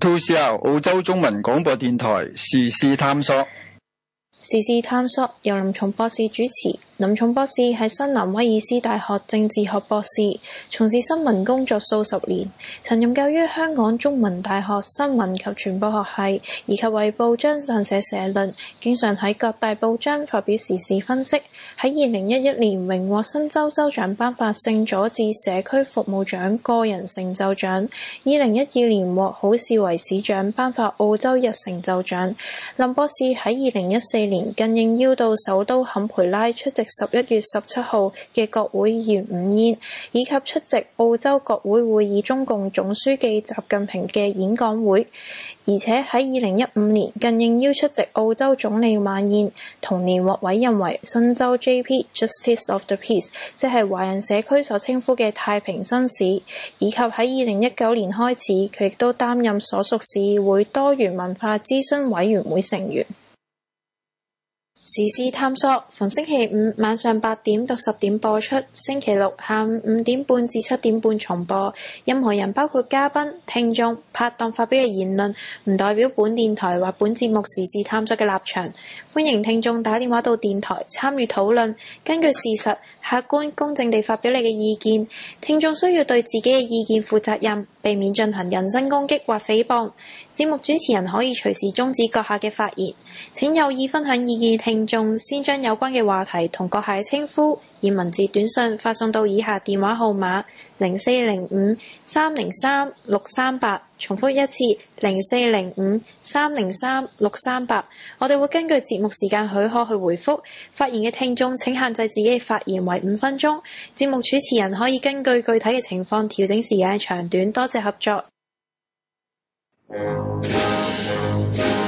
To Show 澳洲中文廣播電台時事探索，時事探索由林松博士主持。林重博士喺新南威爾斯大學政治學博士，從事新聞工作數十年，曾任教於香港中文大學新聞及傳播學係，以及為報章撰寫社論，經常喺各大報章發表時事分析。喺二零一一年榮獲新州州長頒發聖佐治社區服務獎個人成就獎，二零一二年獲好事為市長頒發澳洲日成就獎，林博士喺二零一四年更應邀到首都坎培拉出席。十一月十七號嘅國會議員午宴，以及出席澳洲國會會議，中共總書記習近平嘅演講會，而且喺二零一五年，更應邀出席澳洲總理晚宴。同年獲委任為新州 J.P. Justice of the Peace，即係華人社區所稱呼嘅太平紳士，以及喺二零一九年開始，佢亦都擔任所屬市議會多元文化諮詢委員會成員。時事探索逢星期五晚上八點到十點播出，星期六下午五點半至七點半重播。任何人，包括嘉賓、聽眾、拍檔發表嘅言論，唔代表本電台或本節目時事探索嘅立場。歡迎聽眾打電話到電台參與討論，根據事實、客觀公正地發表你嘅意見。聽眾需要對自己嘅意見負責任，避免進行人身攻擊或誹謗。節目主持人可以隨時終止閣下嘅發言。請有意分享意見聽眾，先將有關嘅話題同閣下嘅稱呼以文字短信發送到以下電話號碼：零四零五三零三六三八。重複一次：零四零五三零三六三八。我哋會根據節目時間許可去回覆發言嘅聽眾。請限制自己嘅發言為五分鐘。節目主持人可以根據具體嘅情況調整時間長短。多謝合作。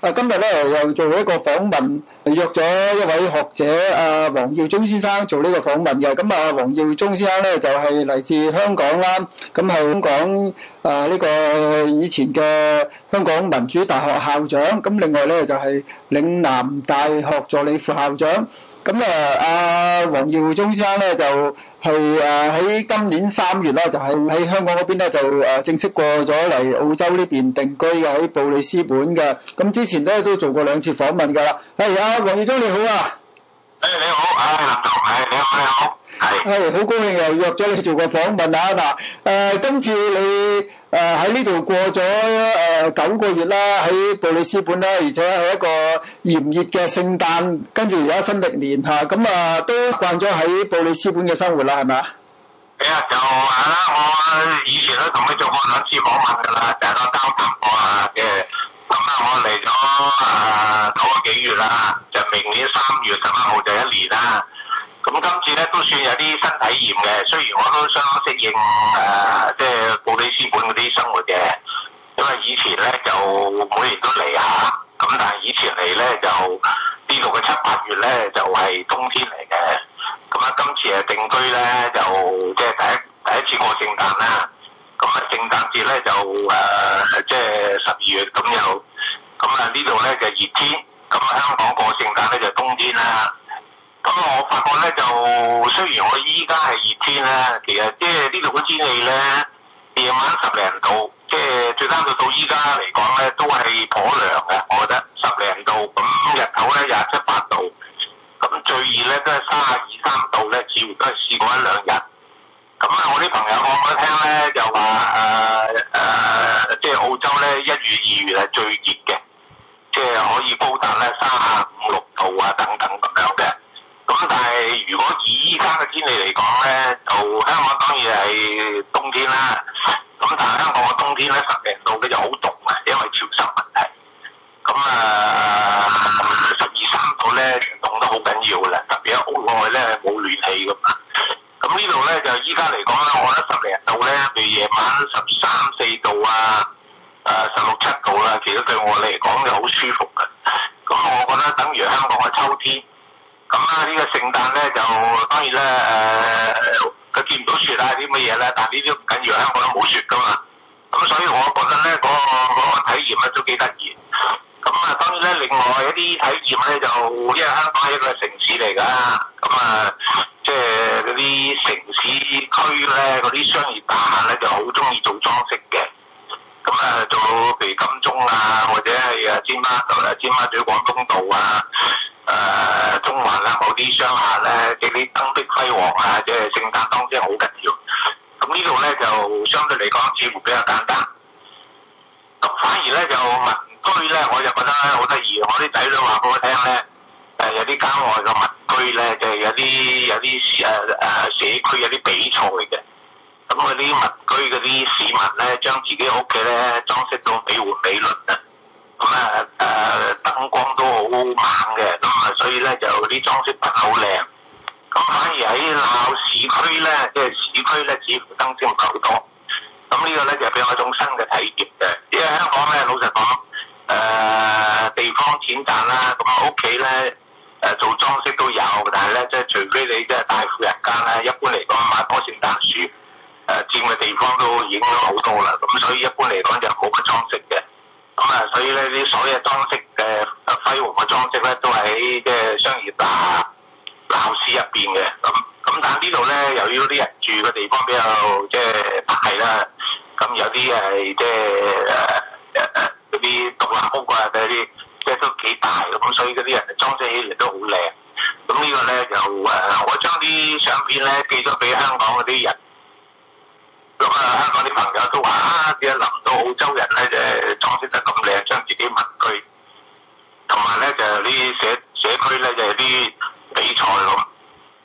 啊，今日咧又做一個訪問，約咗一位學者，阿、啊、王耀宗先生做呢個訪問嘅。咁啊，王耀宗先生咧就係、是、嚟自香港啦，咁係香港呢個以前嘅香港民主大學校長，咁、啊、另外咧就係、是、嶺南大學助理副校長。咁誒，阿、啊、王耀宗先生咧就係誒喺今年三月啦、啊，就係、是、喺香港嗰邊咧就誒、啊、正式過咗嚟澳洲呢邊定居嘅，喺布里斯本嘅。咁之前咧都做過兩次訪問噶啦。喂，啊，王耀宗你好啊，誒、hey, 你好，啊，你好。你好。係，好高興又約咗你做個訪問啊！嗱，誒今次你誒喺呢度過咗誒九個月啦，喺布里斯本啦，而且係一個炎熱嘅聖誕，跟住而家新歷年嚇，咁啊都慣咗喺布里斯本嘅生活啦，係咪啊？誒就係啦，我以前都同你做過兩次訪問㗎啦，大家交談過啊嘅，咁啊我嚟咗誒九個幾月啦，就明年三月十一號就一年啦。咁、嗯、今次咧都算有啲新體驗嘅，雖然我都相當適應誒、呃，即係布里斯本嗰啲生活嘅，因為以前咧就每年都嚟嚇、啊，咁但係以前嚟咧就呢度嘅七八月咧就係、是、冬天嚟嘅，咁、嗯、啊今次誒定居咧就即係第一第一次過聖誕啦，咁啊聖誕節咧就誒、呃、即係十二月，咁又咁啊呢度咧就熱天，咁、嗯、啊香港過聖誕咧就冬天啦。咁我發覺咧，就雖然我依家係熱天咧、啊，其實即係呢度個天氣咧，夜晚十零度，即係最慘到到依家嚟講咧，都係頗涼嘅。我覺得十零度，咁日頭咧廿七八度，咁最熱咧都係三十二三度咧，只不過試過一兩日。咁啊，我啲朋友講我聽咧，就話誒誒，即係澳洲咧一月二月係最熱嘅，即係可以高達咧三十五六度啊等等咁樣嘅。咁但係如果以依家嘅天氣嚟講咧，就香港當然係冬天啦。咁但係香港嘅冬天咧，十零度咧就好凍嘅，因為潮濕問題。咁啊，十二三度咧凍得好緊要嘅啦，特別喺屋外咧冇暖氣㗎嘛。咁呢度咧就依家嚟講咧，我覺得十零度咧，譬如夜晚十三四度啊，誒、啊、十六七度啦，其實對我嚟講就好舒服嘅。咁我覺得等於香港嘅秋天。咁啊，呢個聖誕咧就當然咧誒，佢、呃、見唔到雪啦，啲乜嘢咧，但係呢啲唔緊要，香港都冇雪噶嘛。咁所以我覺得咧，嗰、嗰個、嗰個體驗咧都幾得意。咁啊，當然咧，另外一啲體驗咧就，因為香港係一個城市嚟噶，咁啊，即係嗰啲城市區咧，嗰啲商業大廈咧就好中意做裝飾嘅。咁啊，做譬如金鐘啊，或者係啊尖沙咀啊、尖沙咀廣東道啊、誒、呃、中環啊，某啲商戶咧，啲燈的輝煌啊，即係聖誕當天好緊要。咁呢度咧就相對嚟講似乎比較簡單。咁反而咧就民居咧，我就覺得咧好得意。我啲仔女話俾我聽咧，誒有啲郊外嘅民居咧，就有啲有啲誒誒社區有啲比賽嘅。咁嗰啲民居嗰啲市民咧，將自己屋企咧裝飾到美輪美奐嘅，咁啊誒燈光都好猛嘅，咁、嗯、啊所以咧就啲裝飾品好靚。咁、嗯、反而喺鬧市區咧，即係市區咧，似乎燈飾唔多。咁、嗯這個、呢個咧就俾、是、我一種新嘅體驗嘅，因為香港咧老實講，誒、呃、地方淺窄啦，咁啊屋企咧誒做裝飾都有，但係咧即係除非你即係大富人家咧，一般嚟講買棵聖誕樹。誒佔嘅地方都已經好多啦，咁所以一般嚟講就冇乜裝飾嘅。咁啊，所以咧啲所有裝飾誒輝煌嘅裝飾咧，都係喺即係商業大鬧市入邊嘅。咁咁但係呢度咧，由於啲人住嘅地方比較即係大啦。咁有啲係即係誒誒嗰啲獨立屋啊，嗰啲即係都幾大。咁所以嗰啲人裝飾起嚟都好靚。咁呢個咧就誒，我將啲相片咧寄咗俾香港嗰啲人。咁啊，香港啲朋友都話啊，點解諗唔到澳洲人咧，就係、裝飾得咁靚，將自己民居同埋咧就啲社社區咧就啲比賽咁、哦。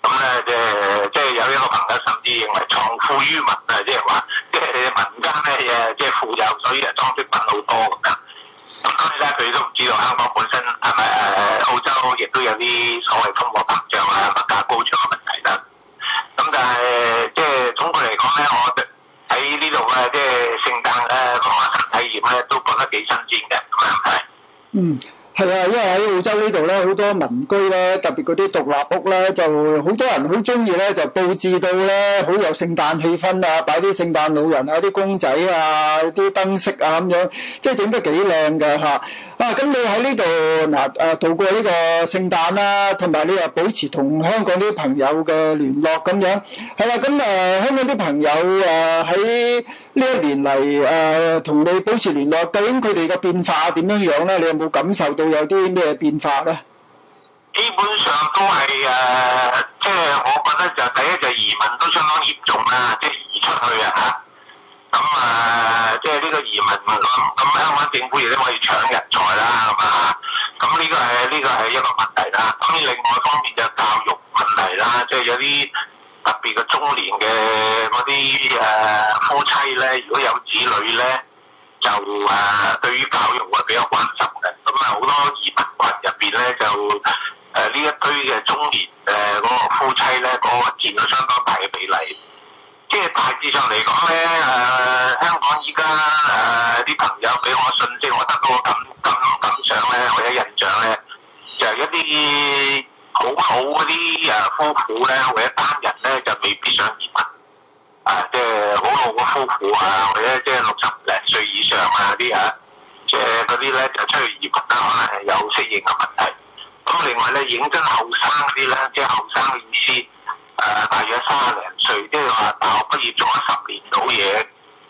咁咧即係即係有一個朋友甚至認為藏富於民啊，即係話即係民間咧誒，即係富有，所以就裝飾品好多咁樣。咁當然啦，佢都唔知道香港本身係咪誒澳洲亦都有啲所謂通貨膨脹啊、物價高漲嘅問題啦。咁但係即係總括嚟講咧，我。喺呢度嘅即係聖誕誒，嘅親身體驗咧，都覺得幾新鮮嘅，咁樣係。嗯，係啊，因為喺澳洲呢度咧，好多民居咧，特別嗰啲獨立屋咧，就好多人好鍾意咧，就佈置到咧，好有聖誕氣氛啊，擺啲聖誕老人啊，啲公仔啊，啲燈飾啊，咁樣，即係整得幾靚㗎吓。啊，咁你喺呢度嗱，誒、呃、度過呢個聖誕啦、啊，同埋你又保持同香港啲朋友嘅聯絡咁樣，係啦、啊，咁啊、呃、香港啲朋友啊喺呢一年嚟誒同你保持聯絡，究竟佢哋嘅變化點樣樣咧？你有冇感受到有啲咩變化咧？基本上都係誒，即、呃、係、就是、我覺得就第一就移民都相當嚴重啊，即、就、係、是、移出去啊嚇。咁啊，即係呢個移民咁，香港政府亦都可以搶人才啦，係嘛？咁呢個係呢、呢個係一個問題啦。咁、啊、另外方面就教育問題啦，即、啊、係、就是、有啲特別嘅中年嘅嗰啲誒夫妻咧，如果有子女咧，就誒、啊、對於教育會比較關心嘅。咁啊，好、啊、多移民群入邊咧，就誒呢、啊、一堆嘅中年誒嗰個夫妻咧，嗰個佔咗相當大嘅比例。即係大致上嚟講咧，誒、呃、香港依家誒啲朋友俾我信息，我得到個感感感想咧，我嘅印象咧，就係一啲好老嗰啲誒夫婦咧，或者單人咧、就是、就未必想移民。誒、啊，即係好老嘅夫婦啊，或者即係六十零歲以上啊啲啊，即係嗰啲咧就出去移民啊，可能係有適應嘅問題。咁、啊、另外咧，影真後生啲咧，即係後生嘅意思。誒、啊，大約三十零歲，即係話大學畢業做咗十年老嘢，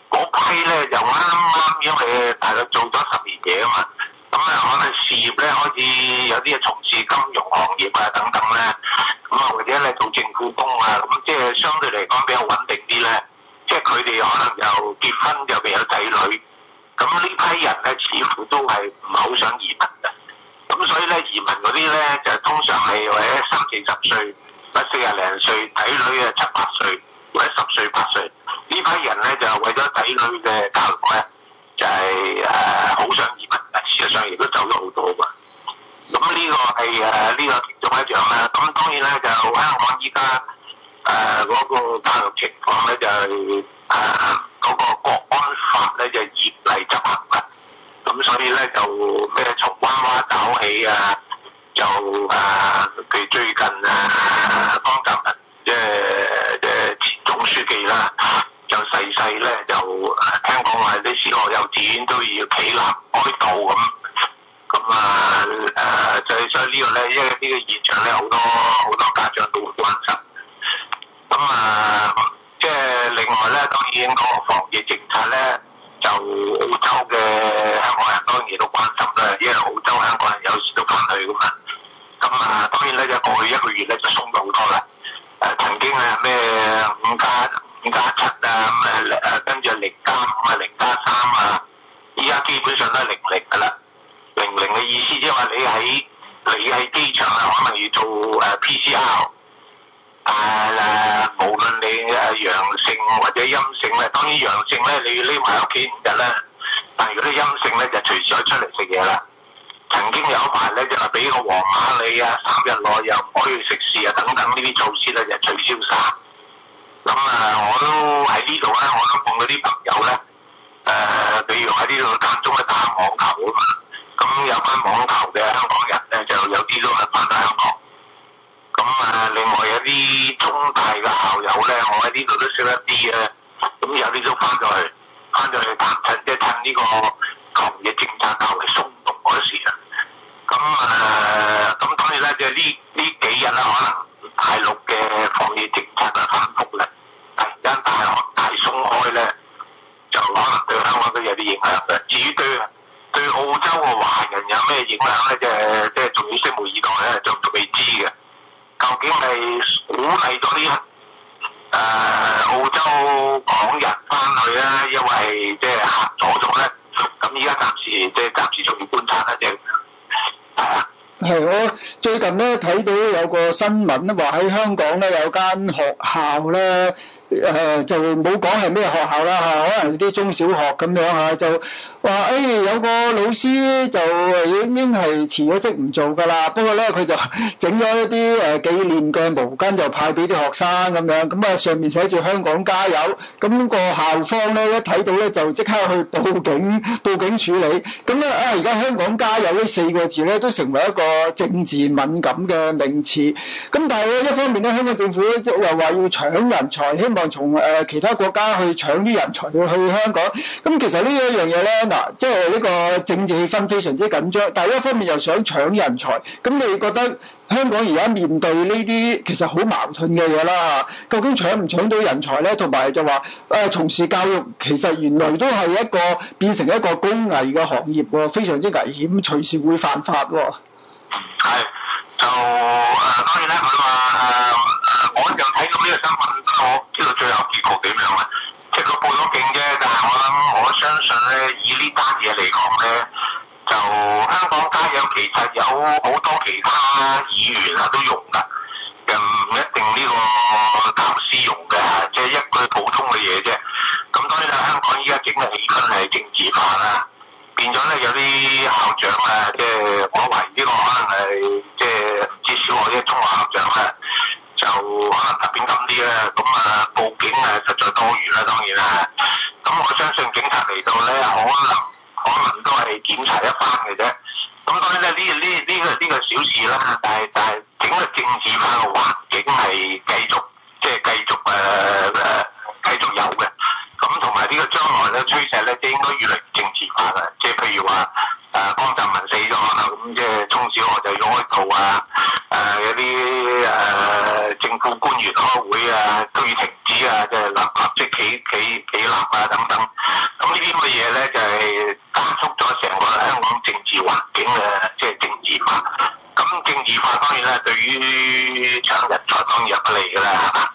嗰批咧就啱啱，剛剛因為大概做咗十年嘢啊嘛，咁、嗯、咧可能事業咧可以有啲嘢從事金融行業啊等等咧，咁啊或者咧做政府工啊，咁、嗯、即係相對嚟講比較穩定啲咧，即係佢哋可能又結婚又未有仔女，咁、嗯、呢批人咧似乎都係唔係好想移民嘅，咁、嗯、所以咧移民嗰啲咧就通常係或者三四十歲。咪四廿零歲，仔女啊，七八歲或者十歲八歲，呢批人咧就為咗仔女嘅教育咧就係誒好想移民，事實上亦都走咗好多嘅。咁呢個係誒呢個其中一樣啦。咁當然咧就香港依家誒嗰個教育情況咧就誒係嗰個國安法咧就嚴厲執行啦。咁，嗯，所以咧就咩從娃娃搞起啊！就誒，佢、啊、最近啊，江澤民即係即前總書記啦，就細細咧，就誒聽講話啲私學幼稚園都要企立開道咁，咁啊誒、啊，所以個呢個咧，因為呢個現場咧，好多好多家長都關心。咁啊，即、啊、係、就是、另外咧，當然嗰個防疫政策咧，就澳洲嘅香港人當然都關心啦，因為澳洲香港人有時都翻去噶嘛。咁啊、嗯，當然咧，就過去一個月咧就鬆咗好多啦。誒、呃、曾經啊咩、呃、五加五加七啊，咁啊誒跟住零加五啊零加三啊，依家基本上都係零零噶啦。零零嘅意思即係話你喺你喺機場，啊，可能要做誒 PCR。誒無論你誒陽性或者陰性咧，當然陽性咧你要匿埋屋企五日啦。但係如果陰性咧，就隨時可以出嚟食嘢啦。曾經有一排咧，就話俾個黃碼你啊，三日內又唔可以食肆啊，等等呢啲措施咧就取消晒。咁啊，我都喺呢度咧，我都碰到啲朋友咧。誒、呃，比如喺呢度間中咧打網球啊嘛。咁有班網球嘅香港人咧，就有啲都係翻到香港。咁啊，另外有啲中大嘅校友咧，我喺呢度都識一啲啊。咁有啲都翻咗去，翻咗去探親，即係趁呢、這個抗疫嘅政策較為鬆。嗰時啊，咁誒，咁、呃、當然咧，即係呢呢幾日啦，可能大陸嘅防疫政策啊反覆咧，突然間大大鬆開咧，就可能對香港都有啲影響嘅。至於對對澳洲嘅華人有咩影響咧，呃、即係即係仲要拭目以待咧，就未知嘅。究竟係鼓勵咗啲誒澳洲港人翻去咧，因為即係嚇咗咗咧？咁而家暫時即係暫時仲要觀察緊啲，係啊。係我最近咧睇到有個新聞咧，話喺香港咧有間學校咧，誒、呃、就冇講係咩學校啦嚇，可能啲中小學咁樣嚇就。話誒、哎、有個老師就已經係辭咗職唔做㗎啦，不過咧佢就整咗一啲誒紀念嘅毛巾就派俾啲學生咁樣，咁、嗯、啊上面寫住香港加油，咁、嗯、個校方咧一睇到咧就即刻去報警，報警處理，咁咧啊而家香港加油呢四個字咧都成為一個政治敏感嘅名詞，咁、嗯、但係咧一方面咧香港政府即係又話要搶人才，希望從誒、呃、其他國家去搶啲人才要去香港，咁、嗯、其實呢一樣嘢咧即係呢個政治氣氛非常之緊張，但係一方面又想搶人才，咁你覺得香港而家面對呢啲其實好矛盾嘅嘢啦，究竟搶唔搶到人才呢？同埋就話誒、啊，從事教育其實原來都係一個變成一個高危嘅行業喎，非常之危險，隨時會犯法喎、哦。係，就誒當然啦，佢、那、話、個啊、我就睇到呢個新聞啦，我知道最後結局點樣啦。即係佢報咗警啫，但係我諗，我相信咧，以呢單嘢嚟講咧，就香港街嘢其實有好多其他議員啊都用噶，又唔一定呢個教師用嘅，即係一句普通嘅嘢啫。咁當然啦，香港依家整個氣氛係政治化啦，變咗咧有啲校長啊，即係我懷疑呢個可能係即係唔少嗰啲中學校長咧。就可能特別咁啲啦，咁啊報警啊，實在多餘啦、啊，當然啦、啊，咁我相信警察嚟到咧，可能可能都係檢查一番嘅啫。咁當然咧，呢呢呢個呢、這個這個這個小事啦、啊，但係但係整個政治化嘅環境係繼續即係、就是、繼續誒誒、呃、繼續有嘅。咁同埋呢個將來咧趨勢咧，即係應該越嚟越政治化嘅，即、就、係、是、譬如話。誒江澤民死咗啦，咁即係中小學就要開會啊，誒、呃、有啲誒、呃、政府官員開會啊，都要停止啊，即係立即立即企起起立啊等等，咁、嗯、呢啲咁嘅嘢咧就係、是、加速咗成個香港、嗯、政治環境嘅、啊、即係政、啊嗯、政治化、啊，咁政治化當然咧對於搶人才當然入唔嚟㗎啦，係、呃、嘛？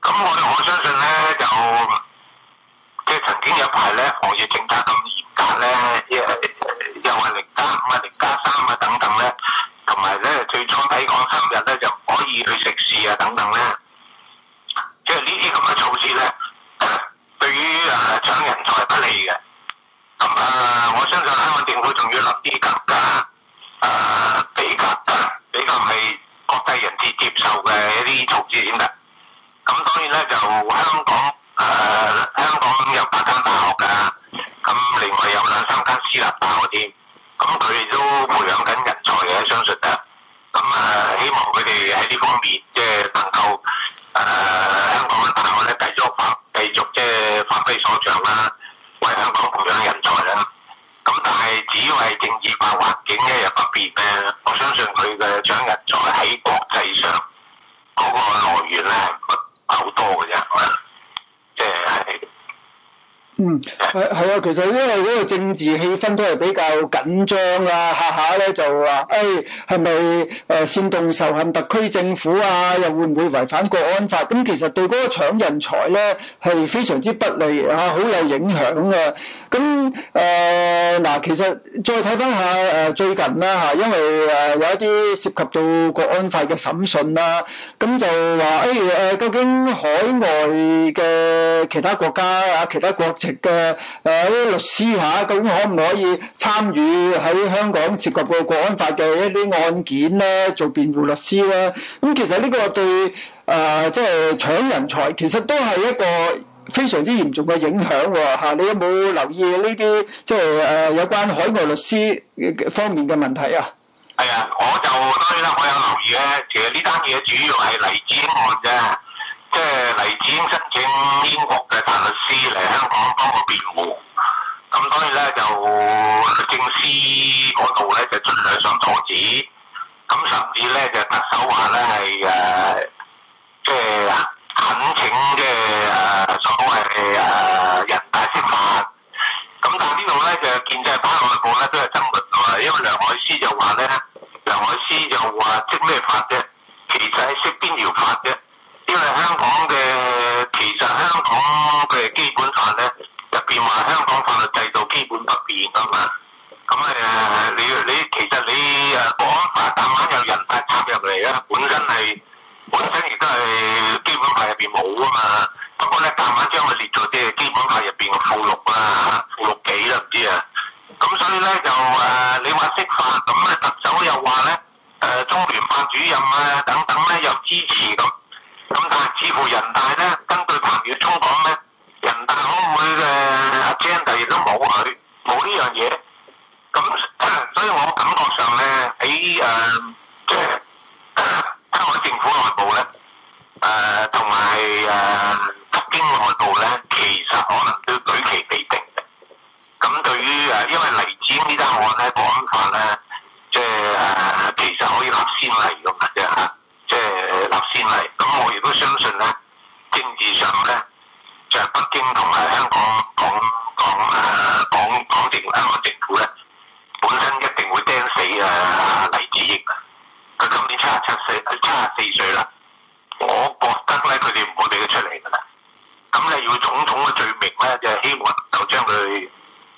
咁、嗯嗯、我哋我相信咧就即係曾經有排咧我要政策咁。咧一又係零加五啊，零加三啊等等咧，同埋咧最最睇港三日咧就可以去食肆啊等等咧，即係呢啲咁嘅措施咧，對於誒搶人才不利嘅咁啊！我相信香港政府仲要立啲更加誒比較比較係國際人士接受嘅一啲措施先得。咁當然咧就香港誒香港有八間大學㗎。咁另外有兩三間私立大學添，咁佢哋都培養緊人才嘅，相信嘅。咁、嗯、啊，希望佢哋喺呢方面即係能夠誒香港嘅大學咧繼續發繼續即係發揮所長啦，為香港培養人才啦。咁、嗯、但係，只要係政治化環境咧有分別咧，我相信佢嘅將人才喺國際上嗰、那個來源咧唔係好多嘅啫、嗯，即係。嗯，係係啊，其實因為嗰個政治氣氛都係比較緊張啊，下下咧就話誒係咪誒煽動仇恨特區政府啊，又會唔會違反國安法？咁其實對個個搶人才咧係非常之不利啊，好有影響嘅。咁誒嗱，其實再睇翻下誒最近啦吓，因為誒有一啲涉及到國安法嘅審訊啦，咁就話誒誒究竟海外嘅其他國家啊，其他國情？嘅誒啲律師吓，啊，究竟可唔可以參與喺香港涉及過《國安法》嘅一啲案件咧，做辯護律師咧？咁，嗯、其實呢個對誒即係搶人才，其實都係一個非常之嚴重嘅影響喎嚇。你有冇留意呢啲即係誒有關海外律師方面嘅問題啊？係啊，我就當然啦，我有留意咧。其實呢單嘢，主要係黎智英案㗎。即係黎智英申請英國嘅大律師嚟香港幫我辯護，咁所以咧就律政司嗰度咧就盡量上阻止，咁甚至咧就特首話咧係誒，即係懇請嘅誒、啊、所謂誒、啊、人大釋法，咁但係呢度咧就建制派內部咧都係爭論到，因為梁愛詩就話咧，梁愛詩就話釋咩法啫，其實係釋邊條法啫。因為香港嘅其實香港嘅基本法咧，入邊話香港法律制度基本不變，係嘛。咁、嗯、誒、呃，你你其實你誒《國安法》慢慢有人大插入嚟啊，本身係本身亦都係基本法入邊冇啊嘛。不過咧，慢慢將佢列咗啲係基本法入邊嘅附錄啊，附錄幾啦唔知、嗯、啊。咁所以咧就誒，你話釋法咁咧，特首又話咧，誒、呃、中聯辦主任啊等等咧又支持咁。咁但係，似乎人大咧，根據彭月忠講咧，人大可唔可以誒阿張弟亦都冇佢，冇呢樣嘢咁，所以我感覺上咧，喺誒，即係香港政府內部咧，誒同埋誒北京內部咧，其實可能都舉棋未定嘅。咁對於誒、呃，因為黎智英呢單案咧講法咧，即係誒，其實可以立先例咁嘅啫嚇，即、就、係、是。啊就是搭線嚟，咁我亦都相信咧，政治上咧，就係、是、北京同埋香港講講誒講講定香港政府咧，本身一定會釘死啊黎智英啊！佢今年七十七歲，佢七十四歲啦。我覺得咧，佢哋唔會俾佢出嚟㗎啦。咁咧，要種種嘅罪名咧，就是、希望就將佢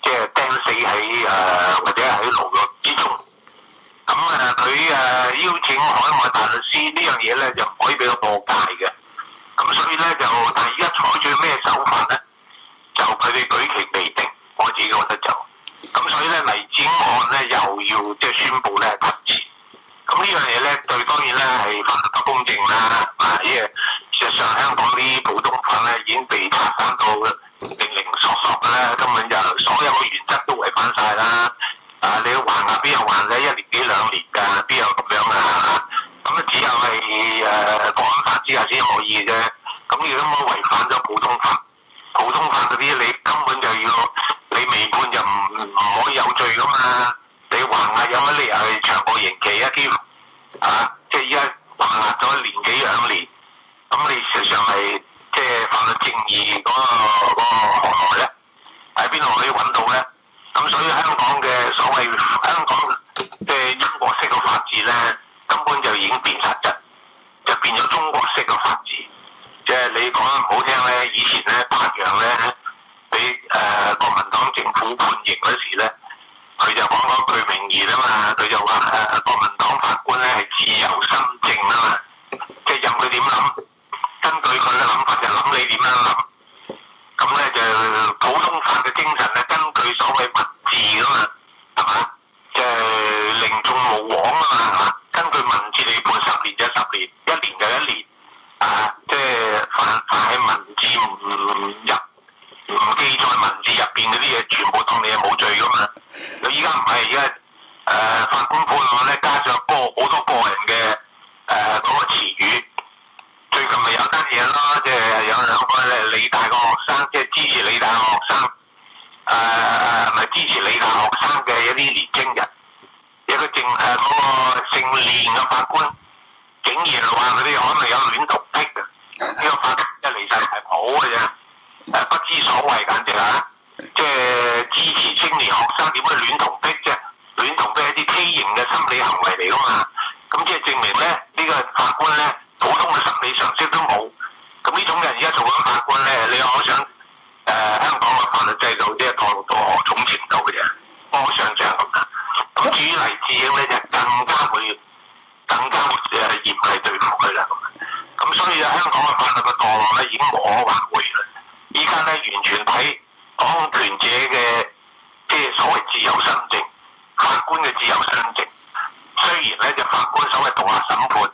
即係釘死喺誒、啊、或者喺牢獄之中。咁啊，佢誒、呃、邀請海外大律師呢樣嘢咧，就唔可以俾到破界嘅。咁所以咧就，但係而家採取咩手法咧？就佢哋舉棋未定，我自己覺得就。咁所以咧，黎智案咧又要即係宣布咧停戰。咁呢樣嘢咧，對當然咧係法律不公正啦。啊，因為事實上香港啲普通法咧已經被打返到零零索索啦，根本就所有嘅原則都違反晒啦。還了還了啊！你要還下邊有還咧？一年幾兩年㗎？邊有咁樣啊？咁、呃、啊，只有係誒國安法之下先可以啫。咁如果我違反咗普通法、普通法嗰啲，你根本就要你未判就唔唔可以有罪噶嘛？你還下有乜理由去長個刑期一啲啊？即係依家還下咗年幾兩年，咁你實上係即係法律正義嗰個嗰個何咧？喺邊度可以揾到咧？咁所以香港嘅所謂香港嘅英國式嘅法治咧，根本就已經變質，就變咗中國式嘅法治。即係你講得唔好聽咧，以前咧，柏楊咧，俾誒國民黨政府判刑時咧，佢就講咗句名言啊嘛，佢就話誒國民黨法官咧係自由心證啊嘛，即係任佢點諗，根據佢嘅諗法就諗你點樣諗，咁咧就普通法嘅精神咧。講你文字噶、就是、嘛，係嘛？即係令眾無往嘛，吓？根據文字你判十年就十年，一年就一年，吓、啊？即係犯喺文字入，唔記在文字入邊嗰啲嘢，全部當你係冇罪噶嘛？佢依家唔係而家誒，法官判案話咧，加上個好多個人嘅誒嗰個詞語，最近咪有單嘢啦，即、就、係、是、有兩個理大嘅學生，即、就、係、是、支持理大嘅學生。誒誒、咪、呃、支持理工大學生嘅一啲年青人，有個正誒嗰、呃嗰個姓練嘅法官，竟然話佢哋可能有戀童癖啊！呢個法官一嚟晒係好嘅啫，誒不知所謂，簡直啊！即係支持青年學生點解戀童癖啫？戀童癖係一啲畸形嘅心理行為嚟噶嘛？咁即係證明咧，呢、這個法官咧，普通嘅心理常識都冇。咁呢種人而家做緊法官咧、呃，你可想？誒、呃，香港嘅法律制度即係墮落到何種程度嘅啫，無上上咁啦。咁至於黎智英咧，就更加會更加會誒嚴厲對付佢啦。咁、嗯、所以香港嘅法律嘅墮落咧，已經冇可挽回啦。依家咧，完全睇控權者嘅即係所謂自由心證，法官嘅自由心證，雖然咧就法官所謂獨立審判，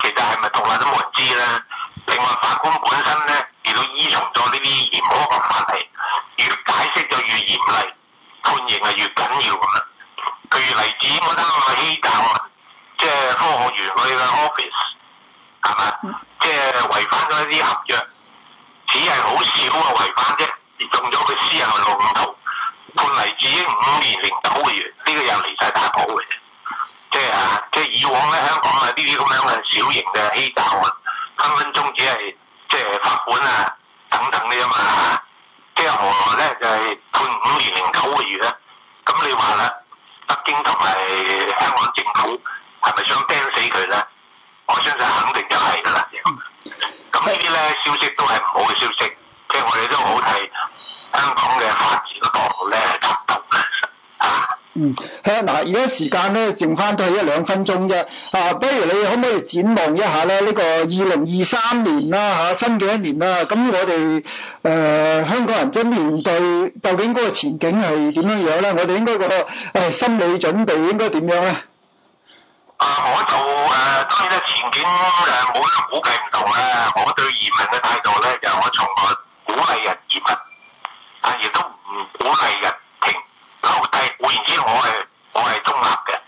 其實係咪獨立都冇人知啦。另外，法官本身咧亦都依從咗呢啲嚴苛嘅法例，越解釋就越嚴厲，判刑啊越緊要咁啦。譬如例子，我得個欺詐案，即係科學園裡嘅 office，係嘛？即係、就是、違反咗一啲合約，只係好少個違反啫，用咗佢私人路唔同判嚟至於五年零九個月，呢個又嚟晒大好嘅啫。即係啊！即係以往咧，香港啊呢啲咁樣嘅小型嘅欺詐案。分分鐘只係即係罰款啊等等啲啊嘛，即係何來咧就係、是就是、判五年零九個月咧，咁你話啦，北京同埋香港政府係咪想釘死佢咧？我相信肯定就係噶啦。咁呢啲咧消息都係唔好嘅消息，即係我哋都好睇香港嘅法治嗰個咧岌岌咧。 嗯，係嗱、啊，而家時間咧，剩翻都係一兩分鐘啫。啊，不如你可唔可以展望一下咧？呢、這個二零二三年啦、啊，吓、啊、新嘅一年啦、啊，咁、嗯、我哋誒、呃、香港人即面對究竟嗰個前景係點樣樣咧？我哋應該個誒心理準備應該點樣咧、啊呃？啊，我做，誒，當然啦，前景誒，冇人估計唔到啦。我對移民嘅態度咧，由我從來鼓勵人移民，但、啊、亦都唔鼓勵人。老弟，換言之，我係我係中立嘅，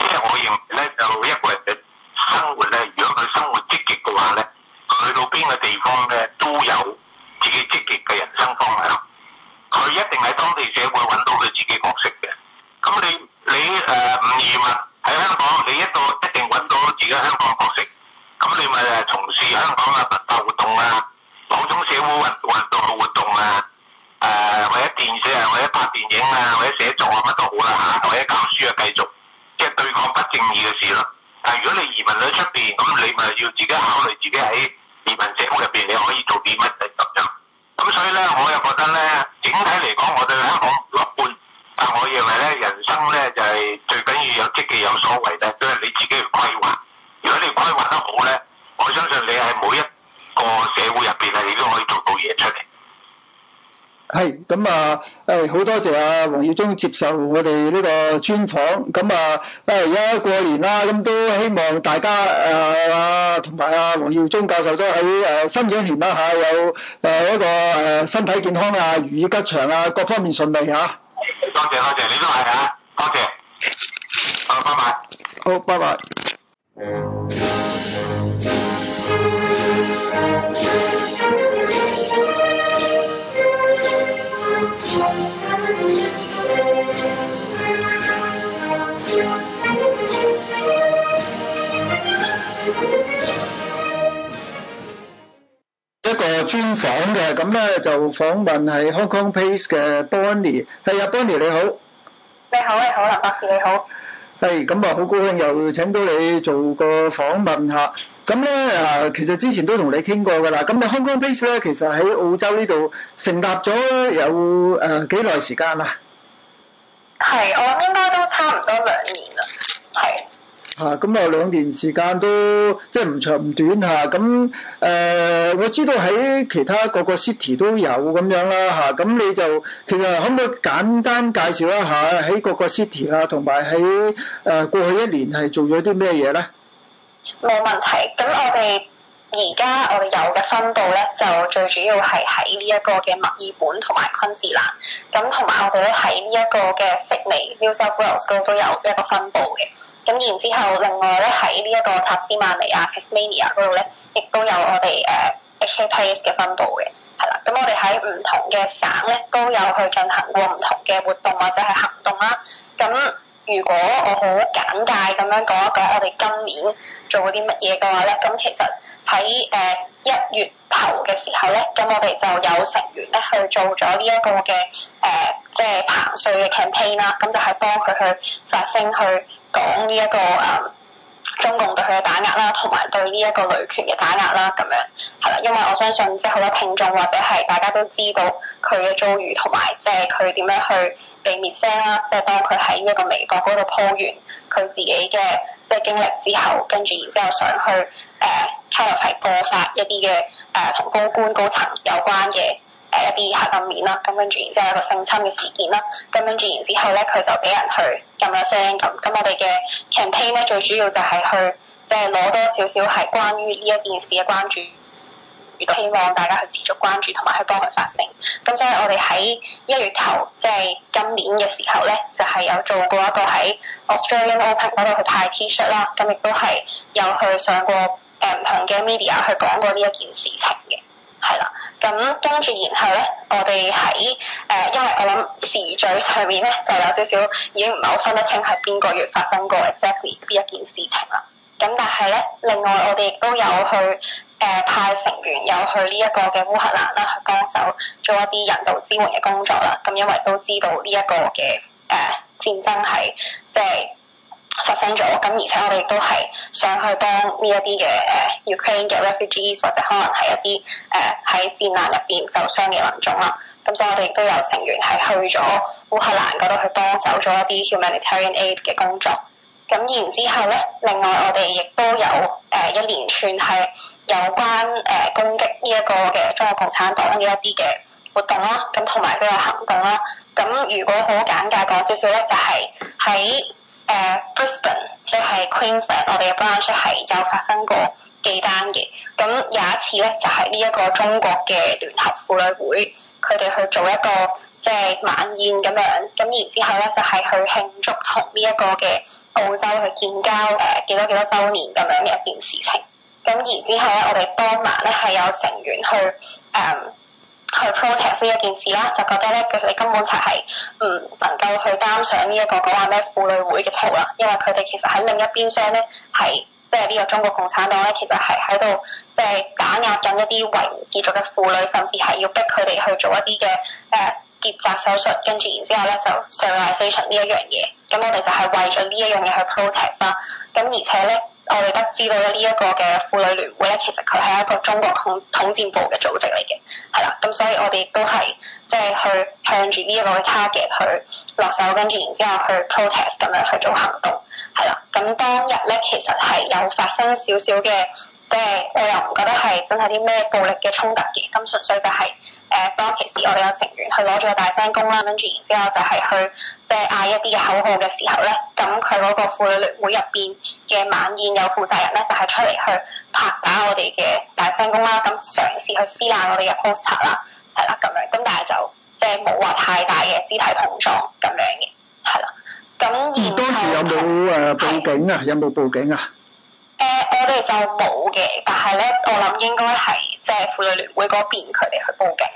即係我認為咧，就一個人嘅生活咧，如果佢生活積極嘅話咧，去到邊個地方咧都有自己積極嘅人生方向。佢一定喺當地社會揾到佢自己角色嘅。咁你你誒唔移民喺香港，你一個一定揾到自己香港角色。咁你咪誒從事香港啊文化活動啊，某種社會運運動嘅活動啊。誒、呃，或者電視啊，或者拍電影啊，或者寫作啊，乜都好啦，吓，或者教書啊，繼續，即係對抗不正義嘅事咯。但係如果你移民咗出邊，咁你咪要自己考慮自己喺移民社會入邊你可以做啲乜嘢投入。咁所以咧，我又覺得咧，整體嚟講，我對香港唔樂觀。但我認為咧，人生咧就係、是、最緊要有積極有所為咧，都、就、係、是、你自己去規劃。如果你規劃得好咧，我相信你喺每一個社會入邊啊，你都可以做到嘢出嚟。係咁啊！誒，好、哎、多謝啊。王耀宗接受我哋呢個專訪。咁、哎、啊，誒，而家過年啦，咁都希望大家誒，同、呃、埋啊，王耀宗教授都喺誒、呃、新嘅年啦吓，有、呃、誒一個誒身體健康啊，如意吉祥啊，各方面順利吓、啊。多謝多謝，你都係吓，多謝，好，拜拜。好、嗯，拜拜。個專訪嘅，咁咧就訪問係 Hong Kong PACE 嘅 Bonnie 第日係 Bonnie 你好，你好伯你好，林博士你好，係咁啊，好高興又請到你做個訪問下，咁咧啊，其實之前都同你傾過㗎啦，咁啊 Hong Kong PACE 咧其實喺澳洲呢度成立咗有誒幾耐時間啊？係我應該都差唔多兩年啦，係。嚇，咁啊、嗯、兩年時間都即係唔長唔短嚇，咁、嗯、誒、呃、我知道喺其他各個 city 都有咁樣啦嚇，咁、嗯嗯、你就其實可唔可以簡單介紹一下喺各個 city 啊，同埋喺誒過去一年係做咗啲咩嘢咧？冇問題，咁我哋而家我哋有嘅分佈咧，就最主要係喺呢一個嘅墨爾本同埋昆士蘭，咁同埋我哋咧喺呢一個嘅悉尼 （New South Wales） 都有一個分佈嘅。咁然之後，另外咧喺呢一個塔斯馬尼亞 （Tasmania） 度咧，亦、啊、都有我哋誒 HKPACE 嘅分佈嘅，係啦。咁我哋喺唔同嘅省咧都有去進行過唔同嘅活動或者係行動啦。咁如果我好簡介咁樣講一講我哋今年做過啲乜嘢嘅話咧，咁其實喺誒一月頭嘅時候咧，咁我哋就有成員咧去做咗呢一個嘅誒即係彭帥嘅 campaign 啦，咁就係幫佢去發聲去。講呢一個誒中共對佢嘅打壓啦，同埋對呢一個女權嘅打壓啦，咁樣係啦，因為我相信即係好多聽眾或者係大家都知道佢嘅遭遇，同埋即係佢點樣去被滅聲啦，即係當佢喺呢一個微博嗰度鋪完佢自己嘅即係經歷之後，跟住然之後想去誒，carry 係過發一啲嘅誒同高官高層有關嘅。誒一啲黑暗面啦，咁跟住然之後有個性侵嘅事件啦，咁跟住然之後咧，佢就俾人去撳咗聲咁。咁我哋嘅 campaign 咧，最主要就係去即係攞多少少係關於呢一件事嘅關注，亦都希望大家去持續關注同埋去幫佢發聲。咁所以我哋喺一月頭即係今年嘅時候咧，就係、是、有做過一個喺 Australian Open 嗰度去派 T-shirt 啦，咁亦都係有去上過誒唔同嘅 media 去講過呢一件事情嘅，係啦。咁跟住，然後咧，我哋喺誒，因為我諗時序上面咧就有少少已經唔係好分得清係邊個月發生過 exactly 呢一件事情啦。咁但係咧，另外我哋亦都有去誒、呃、派成員有去呢一個嘅烏克蘭啦，去幫手做一啲人道支援嘅工作啦。咁、嗯、因為都知道呢一個嘅誒、呃、戰爭係即係。發生咗，咁而且我哋亦都係想去幫呢一啲嘅誒 Ukraine 嘅 refugees，或者可能係一啲誒喺戰難入邊受傷嘅民眾啦。咁所以我哋亦都有成員係去咗烏克蘭嗰度去幫手做一啲 humanitarian aid 嘅工作。咁然之後咧，另外我哋亦都有誒、呃、一連串係有關誒、呃、攻擊呢一個嘅中國共產黨嘅一啲嘅活動啦，咁同埋都有行動啦。咁如果好簡介講少少咧，就係喺。誒、uh, Brisbane 即係 Queensland，我哋嘅 branch 係有發生過寄單嘅。咁有一次咧，就係呢一個中國嘅聯合婦女會，佢哋去做一個即係晚宴咁樣。咁然之後咧，就係、是、去慶祝同呢一個嘅澳洲去建交誒幾、呃、多幾多少周年咁樣嘅一件事情。咁然之後咧，我哋當晚咧係有成員去誒。Um, 去 protest 呢一件事啦，就覺得咧佢哋根本就係唔能夠去擔上呢一個講話咩婦女會嘅籌啦，因為佢哋其實喺另一邊廂咧係即係呢、這個中國共產黨咧，其實係喺度即係打壓緊一啲維吾爾族嘅婦女，甚至係要逼佢哋去做一啲嘅誒結紮手術，跟住然後之後咧就上 surveillance 呢一樣嘢，咁我哋就係為咗呢一樣嘢去 protest 啦，咁而且咧。我哋都知道呢一個嘅婦女聯會咧，其實佢係一個中國統統戰部嘅組織嚟嘅，係啦。咁所以我哋都係即係去向住呢一個嘅 target 去落手，跟住然之後去 protest 咁樣去做行動，係啦。咁當日咧，其實係有發生少少嘅。即係我又唔覺得係真係啲咩暴力嘅衝突嘅，咁純粹就係誒當其時我哋有成員去攞住個大聲公啦，跟住然之後就係去即係嗌一啲嘅口號嘅時候咧，咁佢嗰個婦女聯會入邊嘅晚宴有負責人咧就係出嚟去拍打我哋嘅大聲公啦，咁嘗試去撕爛我哋嘅 poster 啦，係啦咁樣，咁但係就即係冇話太大嘅肢體碰撞咁樣嘅，係啦。咁而當時有冇誒、呃、報警啊？有冇報警啊？誒、呃，我哋就冇嘅，但係咧，我諗應該係即係婦女聯會嗰邊佢哋去報警，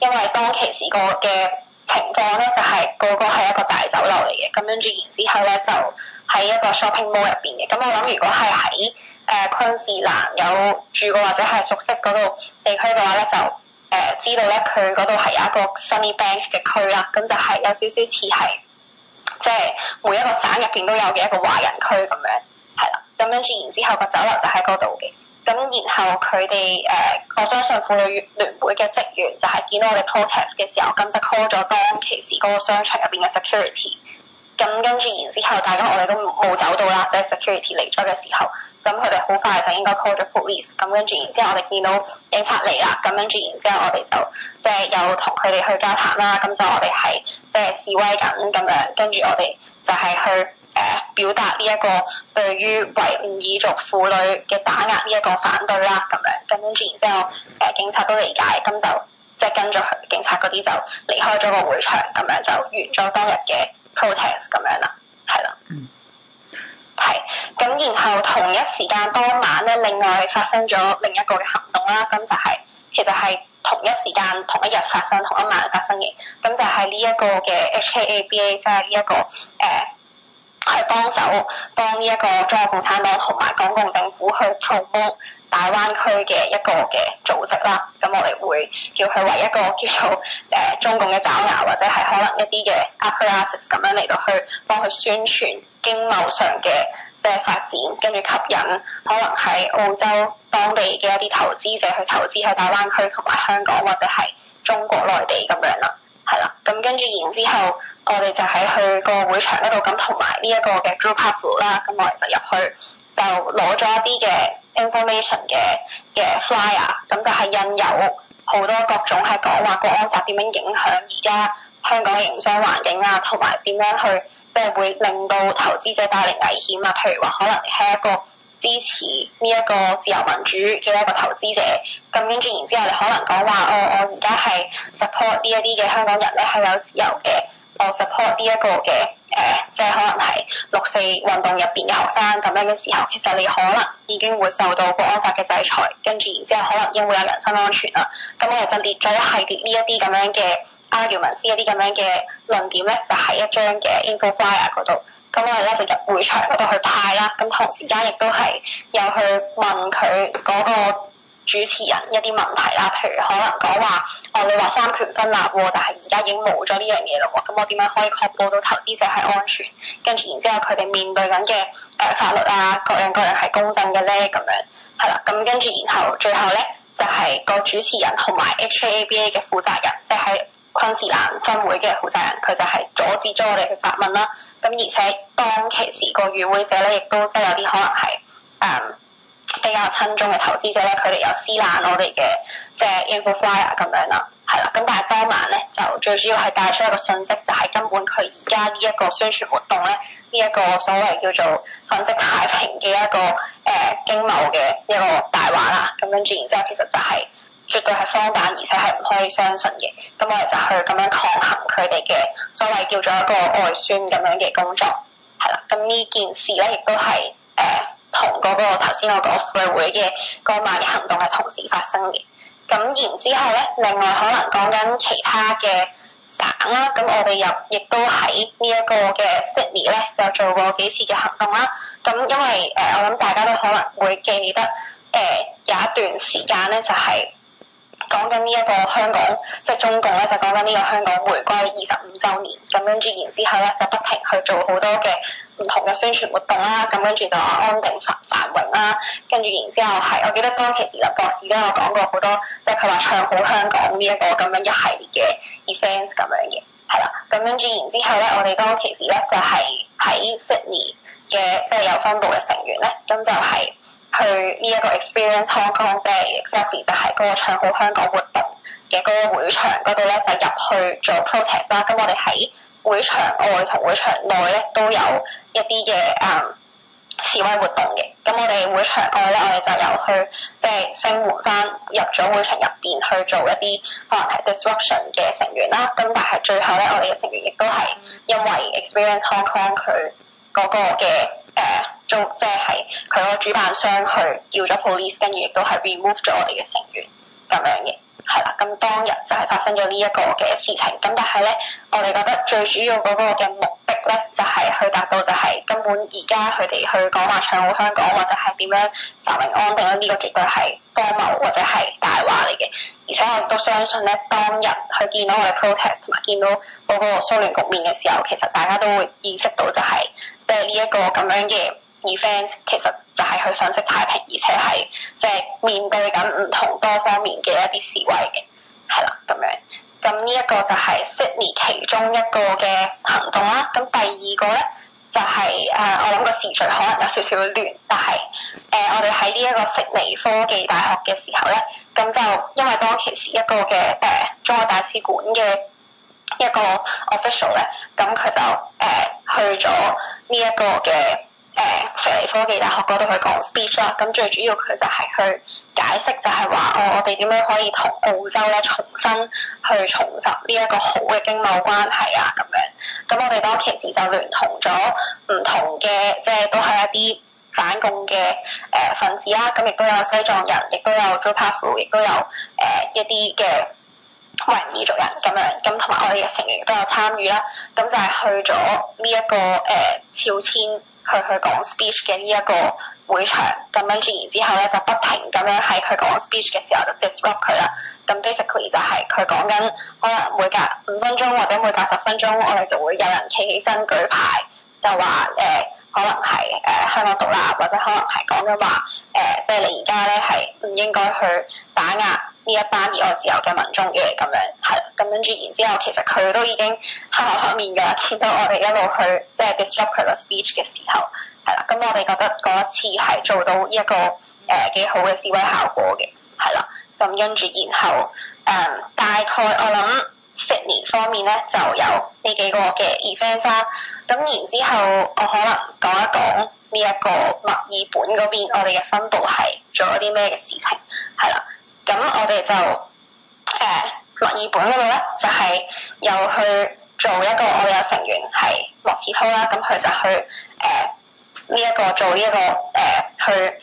因為當其時個嘅情況咧就係、是、個個係一個大酒樓嚟嘅，咁樣住完之後咧就喺一個 shopping mall 入邊嘅，咁我諗如果係喺誒昆士蘭有住過或者係熟悉嗰度地區嘅話咧，就誒、呃、知道咧佢嗰度係有一個 Sunny Bank 嘅區啦，咁就係有少少似係即係每一個省入邊都有嘅一個華人區咁樣。咁跟住然之後，然後個酒樓就喺嗰度嘅。咁然後佢哋誒，我相信婦女聯會嘅職員就係見到我哋 protest 嘅時候，咁就 call 咗當其時嗰個商場入邊嘅 security。咁跟住然之後，後，大家我哋都冇走到啦，即、就、係、是、security 嚟咗嘅時候，咁佢哋好快就應該 call 咗 police。咁跟住然之後，我哋見到警察嚟啦。咁、就是、跟住然之後，我哋就即係又同佢哋去交談啦。咁就我哋係即係示威緊，咁樣跟住我哋就係去。誒、呃，表達呢一個對於維吾爾族婦女嘅打壓呢一個反對啦，咁樣，咁跟住然之後，誒、呃，警察都理解，咁就即、是、係跟咗佢，警察嗰啲就離開咗個會場，咁樣就完咗當日嘅 protest 咁樣啦，係啦，嗯，係，咁然後同一時間當晚咧，另外發生咗另一個嘅行動啦，咁就係、是、其實係同一時間同一日發生同一晚發生嘅，咁就係呢一個嘅 HKBA，即係呢、這、一個誒。呃去幫手幫呢一個中華共產黨同埋港共政府去 promote 大灣區嘅一個嘅組織啦。咁我哋會叫佢為一個叫做誒、呃、中共嘅爪牙，或者係可能一啲嘅 apparatus 咁樣嚟到去幫佢宣傳經貿上嘅即係發展，跟住吸引可能喺澳洲當地嘅一啲投資者去投資喺大灣區同埋香港或者係中國內地咁樣啦。係啦，咁跟住然之後。我哋就喺去個會場嗰度咁，同埋呢一個嘅 group call 啦。咁我哋就入去就攞咗一啲嘅 information 嘅嘅 flyer 咁，就係印有好多各種係講話國安法點樣影響而家香港嘅營商環境啊，同埋點樣去即係、就是、會令到投資者帶嚟危險啊。譬如話可能係一個支持呢一個自由民主嘅一個投資者，咁跟住然之後你可能講話哦，我而家係 support 呢一啲嘅香港人咧係有自由嘅。我 support 呢一個嘅誒，即、呃、係、就是、可能係六四運動入邊嘅學生咁樣嘅時候，其實你可能已經會受到《國安法》嘅制裁，跟住然之後可能已經會有人身安全啦。咁我哋就列咗一系列呢一啲咁樣嘅 argument，一啲咁樣嘅論點咧，就喺、是、一張嘅 infograph 嗰度。咁我哋咧就入會場嗰度去派啦，咁同時間亦都係又去問佢嗰、那個。主持人一啲問題啦，譬如可能講話，哦、啊、你話三權分立喎，但係而家已經冇咗呢樣嘢啦喎，咁、啊、我點樣可以確保到投資者係安全？跟住然之後佢哋面對緊嘅誒法律啊，各樣各樣係公正嘅咧咁樣，係啦，咁跟住然後最後咧就係、是、個主持人同埋 HAABA 嘅負責人，即、就、係、是、昆士蘭分會嘅負責人，佢就係阻止咗我哋嘅發問啦。咁、啊、而且當其時個與會者咧，亦都即係有啲可能係誒。嗯比較親中嘅投資者咧，佢哋有撕爛我哋嘅即係、就是、info flyer 咁樣啦，係啦。咁但係當晚咧，就最主要係帶出一個信息，就係、是、根本佢而家呢一個宣傳活動咧，呢、這、一個所謂叫做粉飾太平嘅一個誒、呃、經貿嘅一個大話啦。咁跟住，然之後其實就係絕對係荒誕，而且係唔可以相信嘅。咁我哋就去咁樣抗衡佢哋嘅所謂叫做一個外宣咁樣嘅工作，係啦。咁呢件事咧，亦都係誒。呃同嗰個頭先我講會嘅嗰晚嘅行動係同時發生嘅，咁然之後咧，另外可能講緊其他嘅省啦、啊，咁我哋又亦都喺呢一個嘅悉尼咧，有做過幾次嘅行動啦、啊。咁因為誒、呃，我諗大家都可能會記得誒、呃，有一段時間咧就係、是。講緊呢一個香港，即係中共咧，就講緊呢個香港回歸二十五週年，咁跟住然之後咧，就不停去做好多嘅唔同嘅宣傳活動啦。咁跟住就話安定繁繁榮啦。跟住然之後係，我記得當其時立博士都有講過好多，即係佢話唱好香港呢一個咁樣一系列嘅 event 咁樣嘅，係啦。咁跟住然之後咧，我哋當其時咧就係喺悉尼嘅即係有分部嘅成員咧，咁就係、是。去呢一個 experience Hong Kong 即係 exactly 就係嗰個唱好香港活動嘅嗰個會場嗰度咧就入去做 protest 啦。咁我哋喺會場外同會場內咧都有一啲嘅誒示威活動嘅。咁我哋會場外咧我哋就由去即係聲援翻入咗會場入邊去做一啲可能係 disruption 嘅成員啦。咁但係最後咧我哋嘅成員亦都係因為 experience Hong Kong 佢嗰個嘅。誒，做、呃、即係佢個主辦商去叫咗 police，跟住亦都係 remove 咗我哋嘅成員，咁樣嘅。係啦，咁當日就係發生咗呢一個嘅事情，咁但係咧，我哋覺得最主要嗰個嘅目的咧，就係、是、去達到就係、是、根本而家佢哋去講話唱好香港或者係點樣繁榮安定呢、呢個絕對係荒謬或者係大話嚟嘅。而且我亦都相信咧，當日佢見到我哋 protest 嘛，見到嗰個蘇聯局面嘅時候，其實大家都會意識到就係即係呢一個咁樣嘅。而 fans 其實就係去粉飾太平，而且係即係面對緊唔同多方面嘅一啲示威嘅，係啦咁樣。咁呢一個就係悉尼其中一個嘅行動啦。咁第二個咧就係、是、誒、呃，我諗個時序可能有少少亂，但係誒、呃，我哋喺呢一個悉尼科技大學嘅時候咧，咁就因為當其時一個嘅誒、呃、中國大使館嘅一個 official 咧，咁佢就誒、呃、去咗呢一個嘅。誒，悉尼、呃、科技大學嗰度去講 speech 啦。咁最主要佢就係去解釋就，就係話我我哋點樣可以同澳洲咧重新去重拾呢一個好嘅經貿關係啊。咁樣咁我哋咧當時就聯同咗唔同嘅，即係都係一啲反共嘅誒、呃、分子啦。咁亦都有西藏人，亦都有 z a p 亦都有誒、呃、一啲嘅維吾爾族人咁樣。咁同埋我哋嘅成員都有參與啦。咁就係去咗呢一個誒超千。呃佢去講 speech 嘅呢一個會場，咁樣然之後咧就不停咁樣喺佢講 speech 嘅時候就 disrupt 佢啦。咁 basically 就係佢講緊，可能每隔五分鐘或者每隔十分鐘，我哋就會有人企起身舉牌就，就話誒可能係誒、呃、香港獨立，或者可能係講咗話誒，即係你而家咧係唔應該去打壓。呢一班熱愛自由嘅民眾嘅咁樣，係啦，咁跟住然之後，其實佢都已經喺外面噶啦，見到我哋一路去即係、就是、disrupt 佢個 speech 嘅時候，係啦，咁我哋覺得嗰一次係做到一個誒、呃、幾好嘅示威效果嘅，係啦，咁跟住然後誒、嗯、大概我諗悉尼方面咧就有呢幾個嘅 event 啦。咁然之後我可能講一講呢一個墨爾本嗰邊我哋嘅分部係做咗啲咩嘅事情，係啦。咁我哋就誒墨、呃、爾本嗰度咧，就係、是、又去做一個我有成員係羅子濤啦，咁佢就去誒呢一個做呢、這、一個誒、呃、去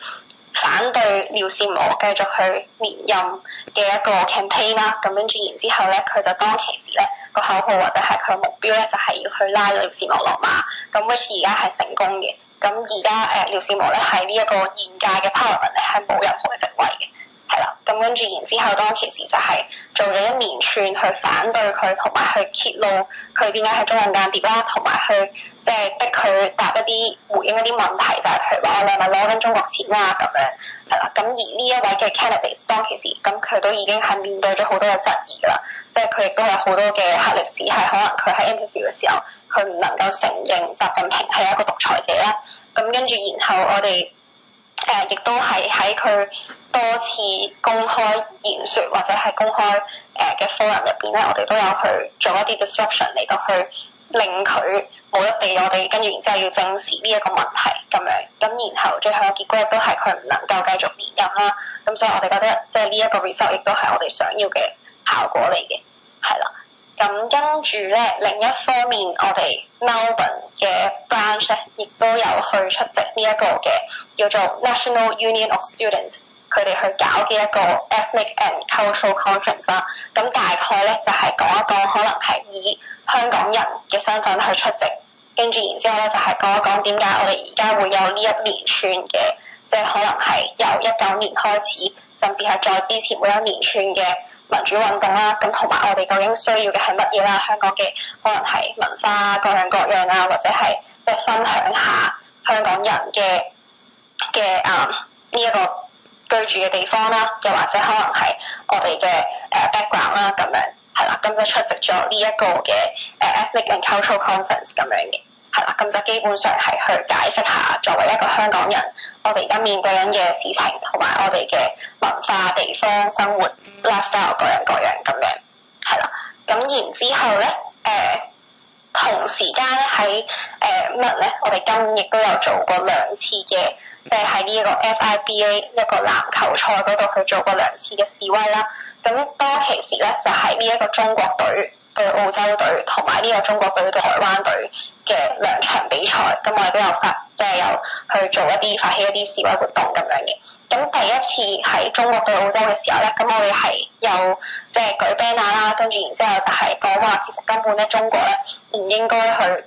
反對廖善模繼續去連任嘅一個 campaign 啦。咁跟住然之後咧，佢就當其時咧個口號或者係佢嘅目標咧，就係、是、要去拉廖善模落馬，咁 which 而家係成功嘅。咁而家誒廖善模咧，喺呢一個現屆嘅 Parliament 咧，係冇任何嘅職位嘅。係啦，咁跟住然之後，當其時就係做咗一連串去反對佢，同埋去揭露佢點解係中共間諜啦，同埋去即係、就是、逼佢答一啲回應一啲問題，就係、是、譬如話你係咪攞緊中國錢啦、啊、咁樣，係啦。咁而呢一位嘅 candidate 當其時，咁佢都已經係面對咗好多嘅質疑啦，即係佢亦都有好多嘅黑歷史，係可能佢喺 interview 嘅時候，佢唔能夠承認習近平係一個獨裁者啦。咁跟住，然後我哋。誒，亦都係喺佢多次公開言說或者係公開誒嘅 forum 入邊咧，我哋都有去做一啲 disruption 嚟到去令佢冇得避我哋，跟住然之後要正視呢一個問題咁樣，咁然後最後嘅結果亦都係佢唔能夠繼續連任啦。咁所以我哋覺得即係呢一個 result 亦都係我哋想要嘅效果嚟嘅，係啦。咁跟住咧，另一方面，我哋 Melbourne 嘅 branch 咧，亦都有去出席呢一個嘅叫做 National Union of Students，佢哋去搞嘅一個 Ethnic and Cultural Conference 啦、啊。咁、啊啊、大概咧就係、是、講一講可能係以香港人嘅身份去出席，跟住然之後咧就係、是、講一講點解我哋而家會有呢一連串嘅，即、就、係、是、可能係由一九年開始，甚至係再之前每一連串嘅。民主運動啦，咁同埋我哋究竟需要嘅係乜嘢啦？香港嘅可能係文化啊，各樣各樣啊，或者係即係分享下香港人嘅嘅啊呢一個居住嘅地方啦，又或者可能係我哋嘅誒 background 啦，咁樣係啦，咁就出席咗呢一個嘅誒 Ethnic and Cultural Conference 咁樣嘅。係啦，咁就基本上係去解釋下作為一個香港人，我哋而家面對緊嘅事情，同埋我哋嘅文化、地方、生活、lifestyle、mm hmm. 各樣各樣咁樣，係啦。咁然之後咧，誒、呃、同時間喺誒乜咧，我哋今年亦都有做過兩次嘅，即係喺呢一個 FIBA 一個籃球賽嗰度去做過兩次嘅示威啦。咁當其時咧，就係呢一個中國隊。對澳洲隊同埋呢個中國隊對台灣隊嘅兩場比賽，咁我哋都有發即係、即係、有去做一啲發起一啲示威活動咁樣嘅。咁第一次喺中國對澳洲嘅時候咧，咁我哋係有即係、即係、舉 banner 啦，跟住然之後就係講話其實根本咧中國咧唔應該去，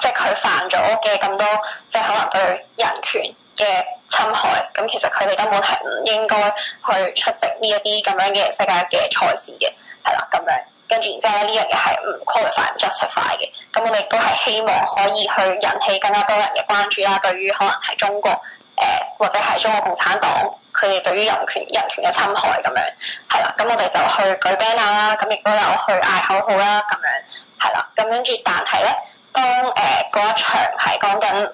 即係佢犯咗嘅咁多即係、即係、可能對人權嘅侵害。咁其實佢哋根本係唔應該去出席呢一啲咁樣嘅世界嘅賽事嘅，係啦咁樣。跟住，然之後咧，呢樣嘢係唔 qualify、唔 justify 嘅。咁我哋都係希望可以去引起更加多人嘅關注啦。對於可能係中國誒、呃，或者係中國共產黨佢哋對於人權、人權嘅侵害咁樣，係啦。咁我哋就去舉 banner 啦，咁亦都有去嗌口號啦，咁樣係啦。咁跟住，但係咧，當誒嗰、呃、一場係講緊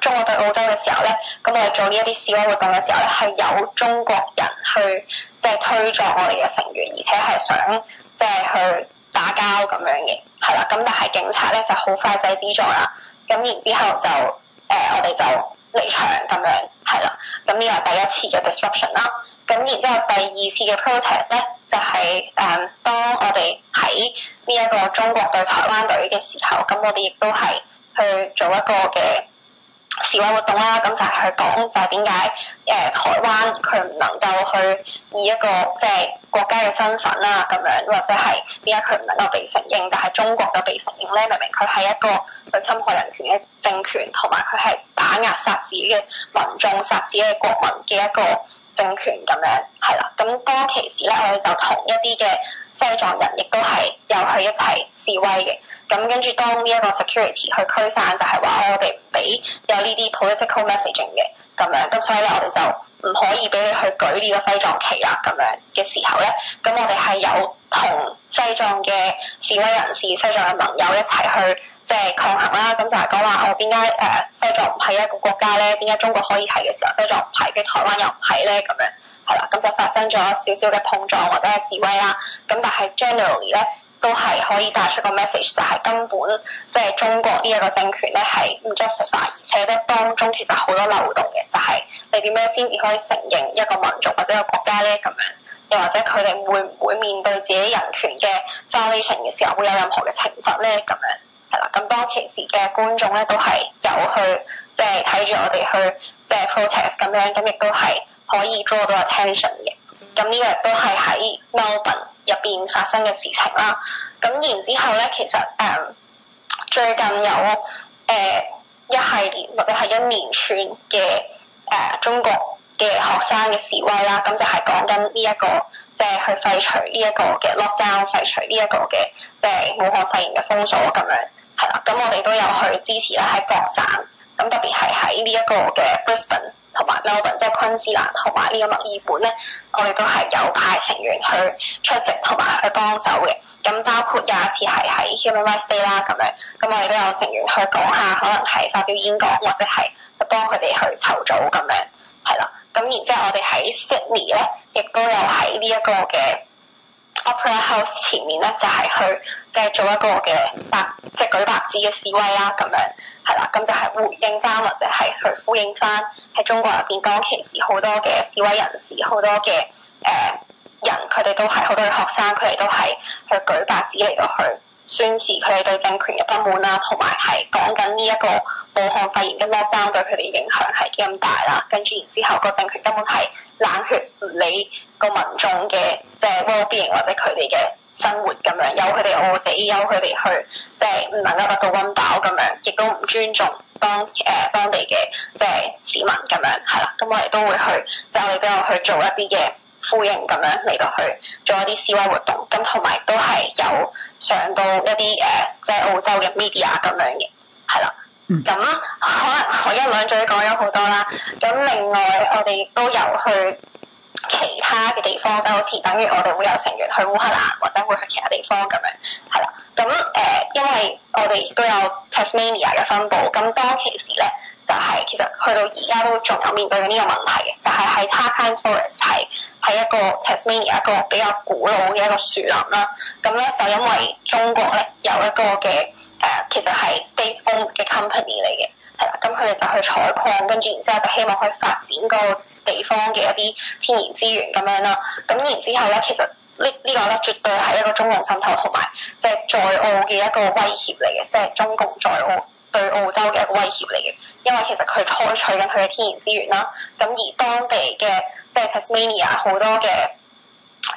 中國對澳洲嘅時候咧，咁我哋做呢一啲示威活動嘅時候咧，係有中國人去即係、就是、推撞我哋嘅成員，而且係想，即係去打交咁樣嘅，係啦。咁但係警察咧就好快制止咗啦。咁然之後就誒、呃，我哋就離場咁樣，係啦。咁呢個第一次嘅 disruption 啦。咁然之後第二次嘅 protest 咧，就係、是、誒、呃，當我哋喺呢一個中國對台灣隊嘅時候，咁、嗯、我哋亦都係去做一個嘅示威活動啦。咁、嗯、就係、是、去講就係點解誒台灣佢唔能夠去以一個即係。就是國家嘅身份啦、啊，咁樣或者係點解佢唔能夠被承認？但係中國就被承認咧，明明佢係一個去侵害人權嘅政權，同埋佢係打壓殺自己嘅民眾、殺自己嘅國民嘅一個政權咁樣，係啦。咁當其時咧，我哋就同一啲嘅西藏人，亦都係又去一齊示威嘅。咁跟住當呢一個 security 去驅散，就係、是、話我哋唔俾有呢啲 political messaging 嘅咁樣。咁所以咧，我哋就。唔可以俾你去舉呢個西藏旗啦，咁樣嘅時候咧，咁我哋係有同西藏嘅示威人士、西藏嘅盟友一齊去即係抗衡啦。咁就係講話我點解誒西藏唔係一個國家咧？點解中國可以係嘅時候，西藏唔係，跟台灣又唔係咧？咁樣係啦，咁就發生咗少少嘅碰撞或者係示威啦。咁但係 generally 咧。都係可以帶出個 message，就係根本即係中國呢一個政權咧係唔 justice 而且咧當中其實好多漏洞嘅，就係、是、你點樣先至可以承認一個民族或者一個國家咧咁樣，又或者佢哋會唔會面對自己人權嘅 violating 嘅時候會有任何嘅懲罰咧咁樣，係啦，咁當其時嘅觀眾咧都係有去即係睇住我哋去即係、就是、protest 咁樣，咁亦都係可以 draw 到 attention 嘅。咁呢個都係喺 Melbourne 入邊發生嘅事情啦。咁然之後咧，其實誒、呃、最近有誒、呃、一系列或者係一連串嘅誒、呃、中國嘅學生嘅示威啦。咁、嗯、就係講緊呢一個即係、就是、去廢除呢一個嘅 lockdown 廢除呢一個嘅即係武漢肺炎嘅封鎖咁樣係啦。咁、嗯、我哋都有去支持啦喺各省，咁特別係喺呢一個嘅 Brisbane。同埋 l o 紐賓即係昆士蘭，同埋呢個墨爾本咧，我哋都係有派成員去出席，同埋去幫手嘅。咁包括有一次係喺 Human Rights Day 啦，咁樣咁我哋都有成員去講下，可能係發表演講，或者係幫佢哋去籌組咁樣，係啦。咁然之後我哋喺 Sydney 咧，亦都有喺呢一個嘅。Opera House 前面咧就係去即係、就是、做一個嘅白即係舉白紙嘅示威啦，咁樣，係啦，咁就係、是、回應翻，或者係去呼應翻喺中國入邊當其時好多嘅示威人士，好多嘅誒、呃、人，佢哋都係好多嘅學生，佢哋都係去舉白紙嚟到去。宣示佢哋對政權嘅不滿啦，同埋係講緊呢一個武漢肺炎嘅 lockdown 對佢哋影響係幾咁大啦。跟住然之後，個政權根本係冷血，唔理個民眾嘅即係 wellbeing 或者佢哋嘅生活咁樣，由佢哋餓死，由佢哋去即係唔能夠得到溫飽咁樣，亦都唔尊重當誒、呃、當地嘅即係市民咁樣，係啦。咁我哋都會去，就係、是、我哋都有去做一啲嘢。歡迎咁樣嚟到去做一啲示威活動，咁同埋都係有上到一啲誒、呃，即係澳洲嘅 media 咁樣嘅，係啦。咁、嗯、可能我一兩嘴講咗好多啦。咁另外我哋都有去其他嘅地方，就好似等於我哋會有成員去烏克蘭或者會去其他地方咁樣，係啦。咁誒、嗯呃，因為我哋都有 Tasmania 嘅分布，咁當其時咧就係、是、其實去到而家都仲有面對緊呢個問題嘅，就係喺 Darken Forest 係喺一個 Tasmania 一個比較古老嘅一個樹林啦，咁咧就因為中國咧有一個嘅誒，其實係 state owned 嘅 company 嚟嘅，係啦，咁佢哋就去採礦，跟住然之後就希望去發展嗰個地方嘅一啲天然資源咁樣啦，咁然之後咧其實呢呢個粒絕對係一個中共滲透同埋即係在澳嘅一個威脅嚟嘅，即係中共在澳。對澳洲嘅威脅嚟嘅，因為其實佢開採緊佢嘅天然資源啦。咁而當地嘅即係、就是、Tasmania 好多嘅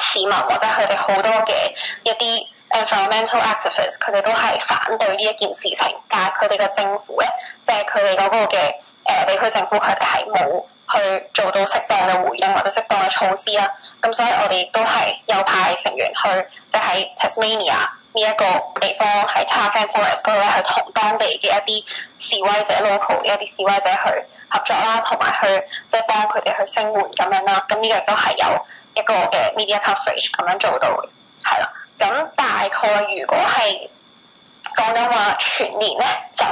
市民或者佢哋好多嘅一啲 environmental activists 佢哋都係反對呢一件事情。但係佢哋嘅政府咧，即係佢哋嗰個嘅誒地區政府，佢哋係冇去做到適當嘅回應或者適當嘅措施啦，咁所以我哋都係有派成員去，即、就、係、是、喺 Tasmania。呢一個地方喺 Tarkine Forest 嗰度咧，係同當地嘅一啲示威者、 local 嘅一啲示威者去合作啦，同埋去即係、就是、幫佢哋去聲援咁樣啦。咁、這、呢個都係有一個嘅 media coverage 咁樣做到嘅，係啦。咁大概如果係講緊話全年咧，就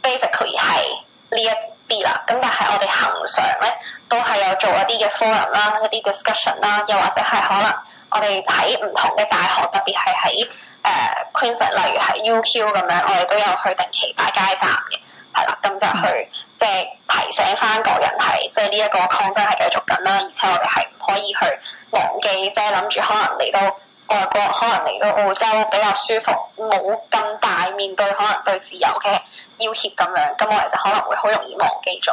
basically 係呢一啲啦。咁但係我哋恆常咧都係有做一啲嘅 forum 啦，一啲 discussion 啦，又或者係可能我哋喺唔同嘅大學，特別係喺。誒 Queensland、uh, 例如係 UQ 咁樣，我哋都有去定期擺街站嘅。係啦，咁、嗯嗯、就去即係、就是、提醒翻個人係，即係呢一個抗爭係繼續緊啦，而且我哋係唔可以去忘記，即係諗住可能嚟到外國可能嚟到澳洲比較舒服，冇咁大面對可能對自由嘅要挾咁樣，咁、嗯、我哋就可能會好容易忘記咗。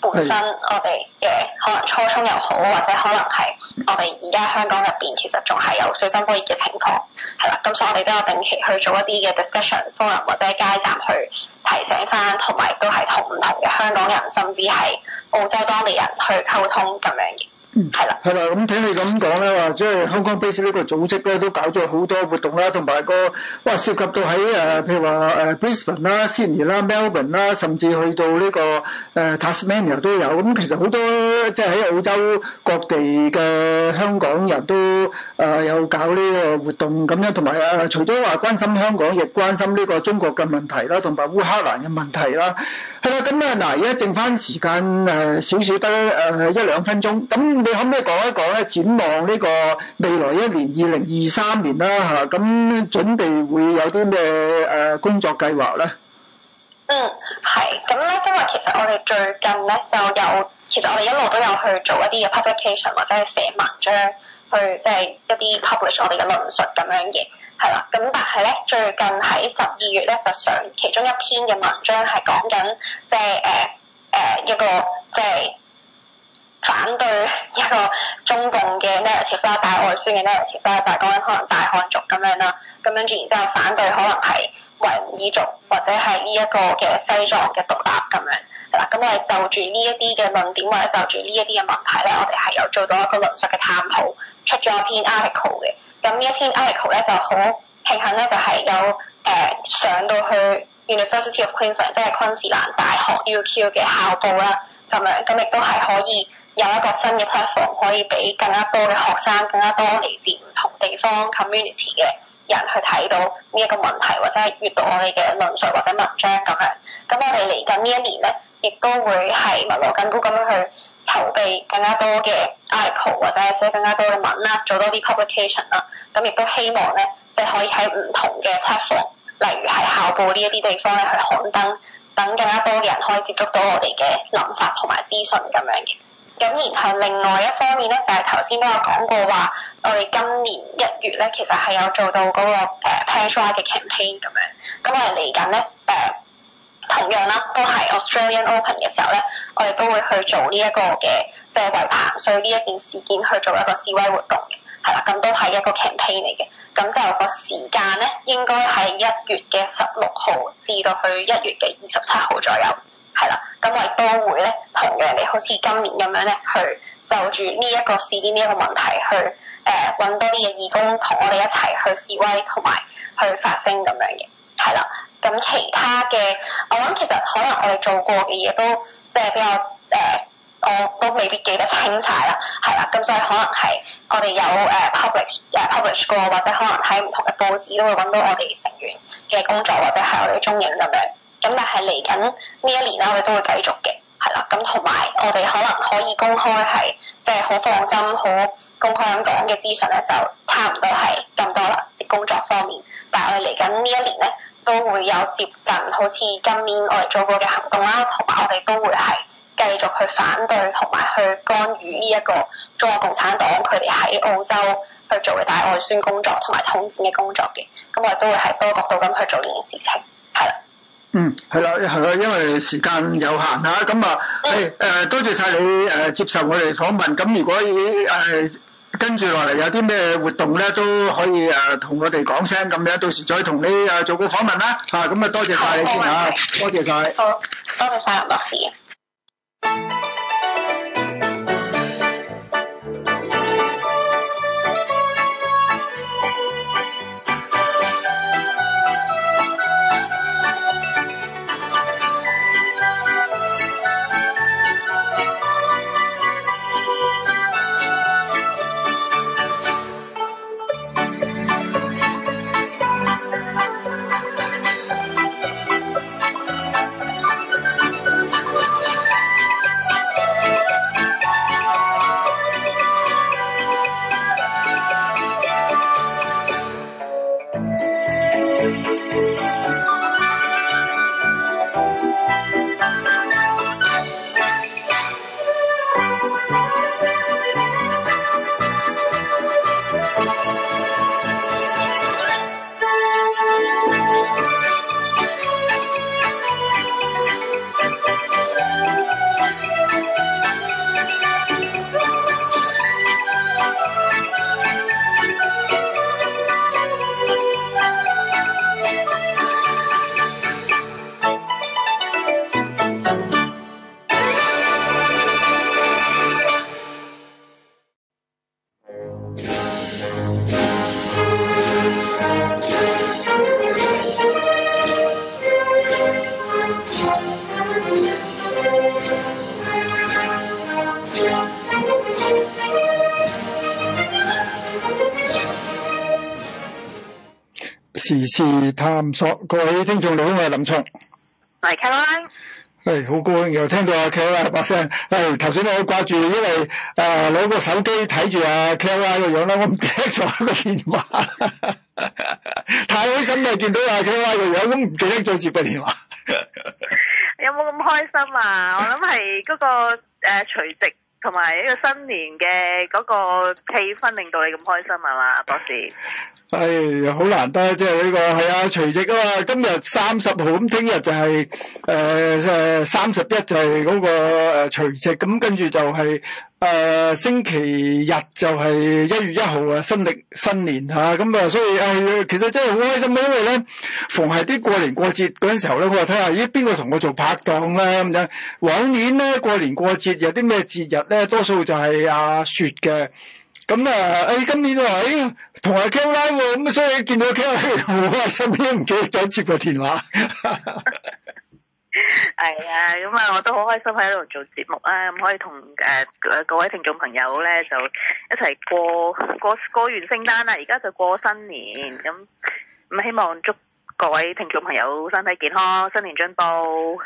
本身我哋嘅可能初衷又好，或者可能係我哋而家香港入邊其實仲係有水深火熱嘅情況，係啦。咁所以我哋都有定期去做一啲嘅 discussion forum 或者街站去提醒翻，同埋都係同唔同嘅香港人，甚至係澳洲當地人去溝通咁樣嘅。嗯，係啦，係啦，咁聽你咁講咧，話即係香港 base 呢個組織咧，都搞咗好多活動啦，同埋個哇涉及到喺誒譬如話誒 Brisbane 啦、Sydney 啦、Melbourne 啦，甚至去到呢個誒 Tasmania 都有。咁其實好多即係喺澳洲各地嘅香港人都誒有搞呢個活動咁樣，同埋誒除咗話關心香港，亦關心呢個中國嘅問題啦，同埋烏克蘭嘅問題啦。係啦，咁啊嗱，而家剩返時間誒少少得誒一兩分鐘咁。你可唔可以講一講咧？展望呢個未來一年，二零二三年啦，吓，咁準備會有啲咩誒工作計劃咧？嗯，係咁咧。今日其實我哋最近咧就有，其實我哋一路都有去做一啲嘅 publication 或者係寫文章，去即係、就是、一啲 publish 我哋嘅論述咁樣嘅，係啦。咁但係咧，最近喺十二月咧就上，其中一篇嘅文章係講緊即係誒誒一個即係。就是反對一個中共嘅 narrative 啦，大外宣嘅 narrative 啦，就講緊可能大漢族咁樣啦，咁樣然之後反對可能係維吾爾族或者係呢一個嘅西藏嘅獨立咁樣啦。咁我哋就住呢一啲嘅論點或者就住呢一啲嘅問題咧，我哋係有做到一個論述嘅探討，出咗一篇 article 嘅。咁呢一篇 article 咧就好慶幸咧，就係有誒上到去 University of Queensland，即係昆士蘭大學 UQ 嘅校報啦咁樣，咁亦都係可以。有一個新嘅 platform 可以俾更加多嘅學生，更加多嚟自唔同地方 community 嘅人去睇到呢一個問題，或者係閲讀我哋嘅論述或者文章咁樣。咁我哋嚟緊呢一年咧，亦都會係密鑼緊鼓咁樣去籌備更加多嘅 article 或者寫更加多嘅文啦，做多啲 publication 啦。咁亦都希望咧，即係可以喺唔同嘅 platform，例如係校報呢一啲地方咧去刊登，等更加多嘅人可以接觸到我哋嘅諗法同埋資訊咁樣嘅。咁然後另外一方面咧，就係頭先都有講過話，我哋今年一月咧，其實係有做到嗰個 patchwork 嘅 campaign 咁樣。咁我哋嚟緊咧誒，同樣啦，都係 Australian Open 嘅時候咧，我哋都會去做呢一個嘅即係維帕，所以呢一件事件去做一個示威活動嘅，係啦。咁都係一個 campaign 嚟嘅。咁就個時間咧，應該係一月嘅十六號至到去一月嘅二十七號左右。係啦，咁我亦都會咧，同樣好似今年咁樣咧，去就住呢一個事件、呢、這、一個問題去，去誒揾多啲嘅義工同我哋一齊去示威，同埋去發聲咁樣嘅。係啦，咁其他嘅，我諗其實可能我哋做過嘅嘢都即係、就是、比較誒、呃，我都未必記得清晒啦。係啦，咁所以可能係我哋有誒、呃、public 誒、呃、publish 過，或者可能喺唔同嘅報紙都會揾到我哋成員嘅工作或者係我哋嘅蹤影咁樣。咁但係嚟緊呢一年啦，我哋都會繼續嘅，係啦。咁同埋我哋可能可以公開係即係好放心、好公開咁樣嘅資訊咧，就差唔多係咁多啦。啲工作方面，但係我哋嚟緊呢一年咧都會有接近好似今年我哋做過嘅行動啦，同埋我哋都會係繼續去反對同埋去干預呢一個中國共產黨佢哋喺澳洲去做嘅大外宣工作同埋統戰嘅工作嘅。咁我哋都會係多角度咁去做呢件事情，係啦。嗯，係啦，係啦，因為時間有限啊，咁啊，誒、嗯，誒、哎呃，多謝晒你誒、呃、接受我哋訪問。咁如果誒跟住落嚟有啲咩活動咧，都可以誒同、呃、我哋講聲咁樣，到時再同你誒、呃、做個訪問啦。吓，咁啊，多謝晒你先吓，多謝晒。好，多謝晒，多探索，各位聽眾你好，我係林卓。係卡拉，係好高興又聽到阿 K Y 把聲。係頭先我掛住，因為誒攞個手機睇住阿 K Y 個樣啦，我唔記得咗個電話。 太開心啦，見到阿 K Y 個樣，咁唔記得再接個電話。 有冇咁開心啊？我諗係嗰個誒除、呃、夕。同埋呢個新年嘅嗰個氣氛，令到你咁開心係嘛，博士？係好、哎、難得，即係呢個係啊除夕啊嘛，今日三十號，咁聽日就係誒即係三十一，呃啊、就係嗰、嗰個除夕，咁跟住就係、是。誒、呃，星期日就係一月一號啊，新曆新年吓，咁啊，所以誒、哎，其實真係好開心，因為咧，逢係啲過年過節嗰陣時候咧，我就睇下咦，邊個同我做拍檔啦咁樣。往年咧，過年過節有啲咩節日咧，多數就係阿、啊、雪嘅，咁、嗯、啊，誒、哎，今年啊，誒、哎，同阿 Kelvin，咁所以見到 Kelvin 好開心，都唔記得咗接個電話。哈哈 係啊，咁啊、哎，我都好開心喺度做節目啊。咁可以同誒、呃、各位聽眾朋友咧，就一齊過過過完聖誕啦，而家就過新年，咁咁希望祝各位聽眾朋友身體健康，新年進步。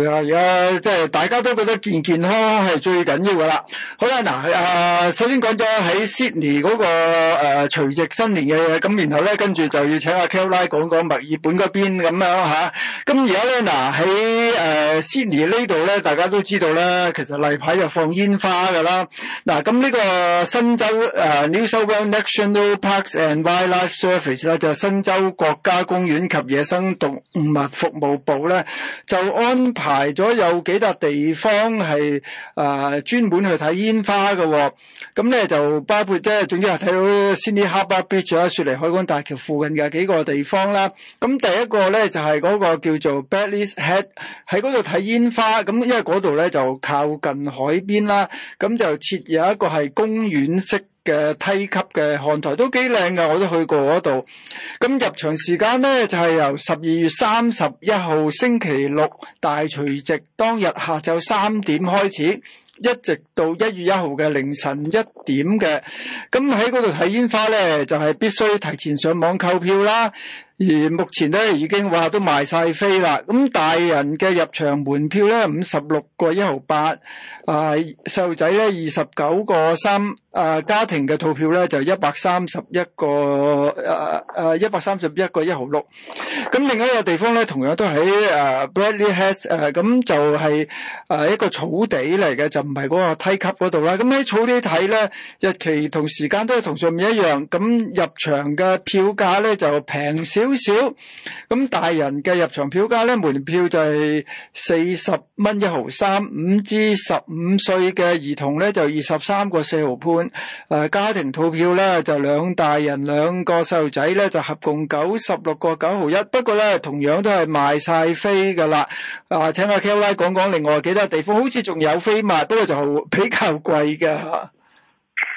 係啊，而家即係大家都覺得健健康康係最緊要噶啦。好啦，嗱、呃那個呃，啊，首先講咗喺 Sydney 嗰個誒除夕新年嘅，嘢。咁然後咧跟住就要請阿 Kelly 講講墨爾本嗰邊咁樣吓。咁而家咧嗱喺誒 Sydney 呢度咧，大家都知道咧，其實例牌就放煙花噶啦。嗱，咁、這、呢個新州誒、啊、New South Wales National Parks and Wildlife Service 咧，就新州國家公園及野生動物服務部咧，就安。排咗有幾笪地方係啊、呃，專門去睇煙花嘅喎、哦。咁咧就包括即係總之係睇到 Sydney Harbour Bridge 啊，雪梨海港大橋附近嘅幾個地方啦。咁第一個咧就係、是、嗰個叫做 Bradleys Head，喺嗰度睇煙花。咁因為嗰度咧就靠近海邊啦，咁就設有一個係公園式嘅梯級嘅看台都幾靚噶，我都去過嗰度。咁入場時間呢，就係由十二月三十一號星期六大除夕當日下晝三點開始，一直到一月一號嘅凌晨一點嘅。咁喺嗰度睇煙花呢，就係必須提前上網購票啦。而目前咧已經話都賣曬飛啦。咁大人嘅入場門票咧五十六個一毫八，啊細路仔咧二十九個三，啊家庭嘅套票咧就一百三十一個，啊啊一百三十一個一毫六。咁另外一個地方咧同樣都喺啊 Bradley Head，誒咁就係啊一個草地嚟嘅，就唔係嗰個梯級嗰度啦。咁喺草地睇咧，日期同時間都係同上面一樣，咁入場嘅票價咧就平少少少咁，大人嘅入場票價呢，門票就係四十蚊一毫三，五至十五歲嘅兒童呢，就二十三個四毫半，誒、呃，家庭套票呢，就兩大人兩個細路仔呢，就合共九十六個九毫一。不過呢，同樣都係賣晒飛噶啦。啊、呃，請阿 Kella 講講另外其他地方好，好似仲有飛賣，不過就比較貴噶。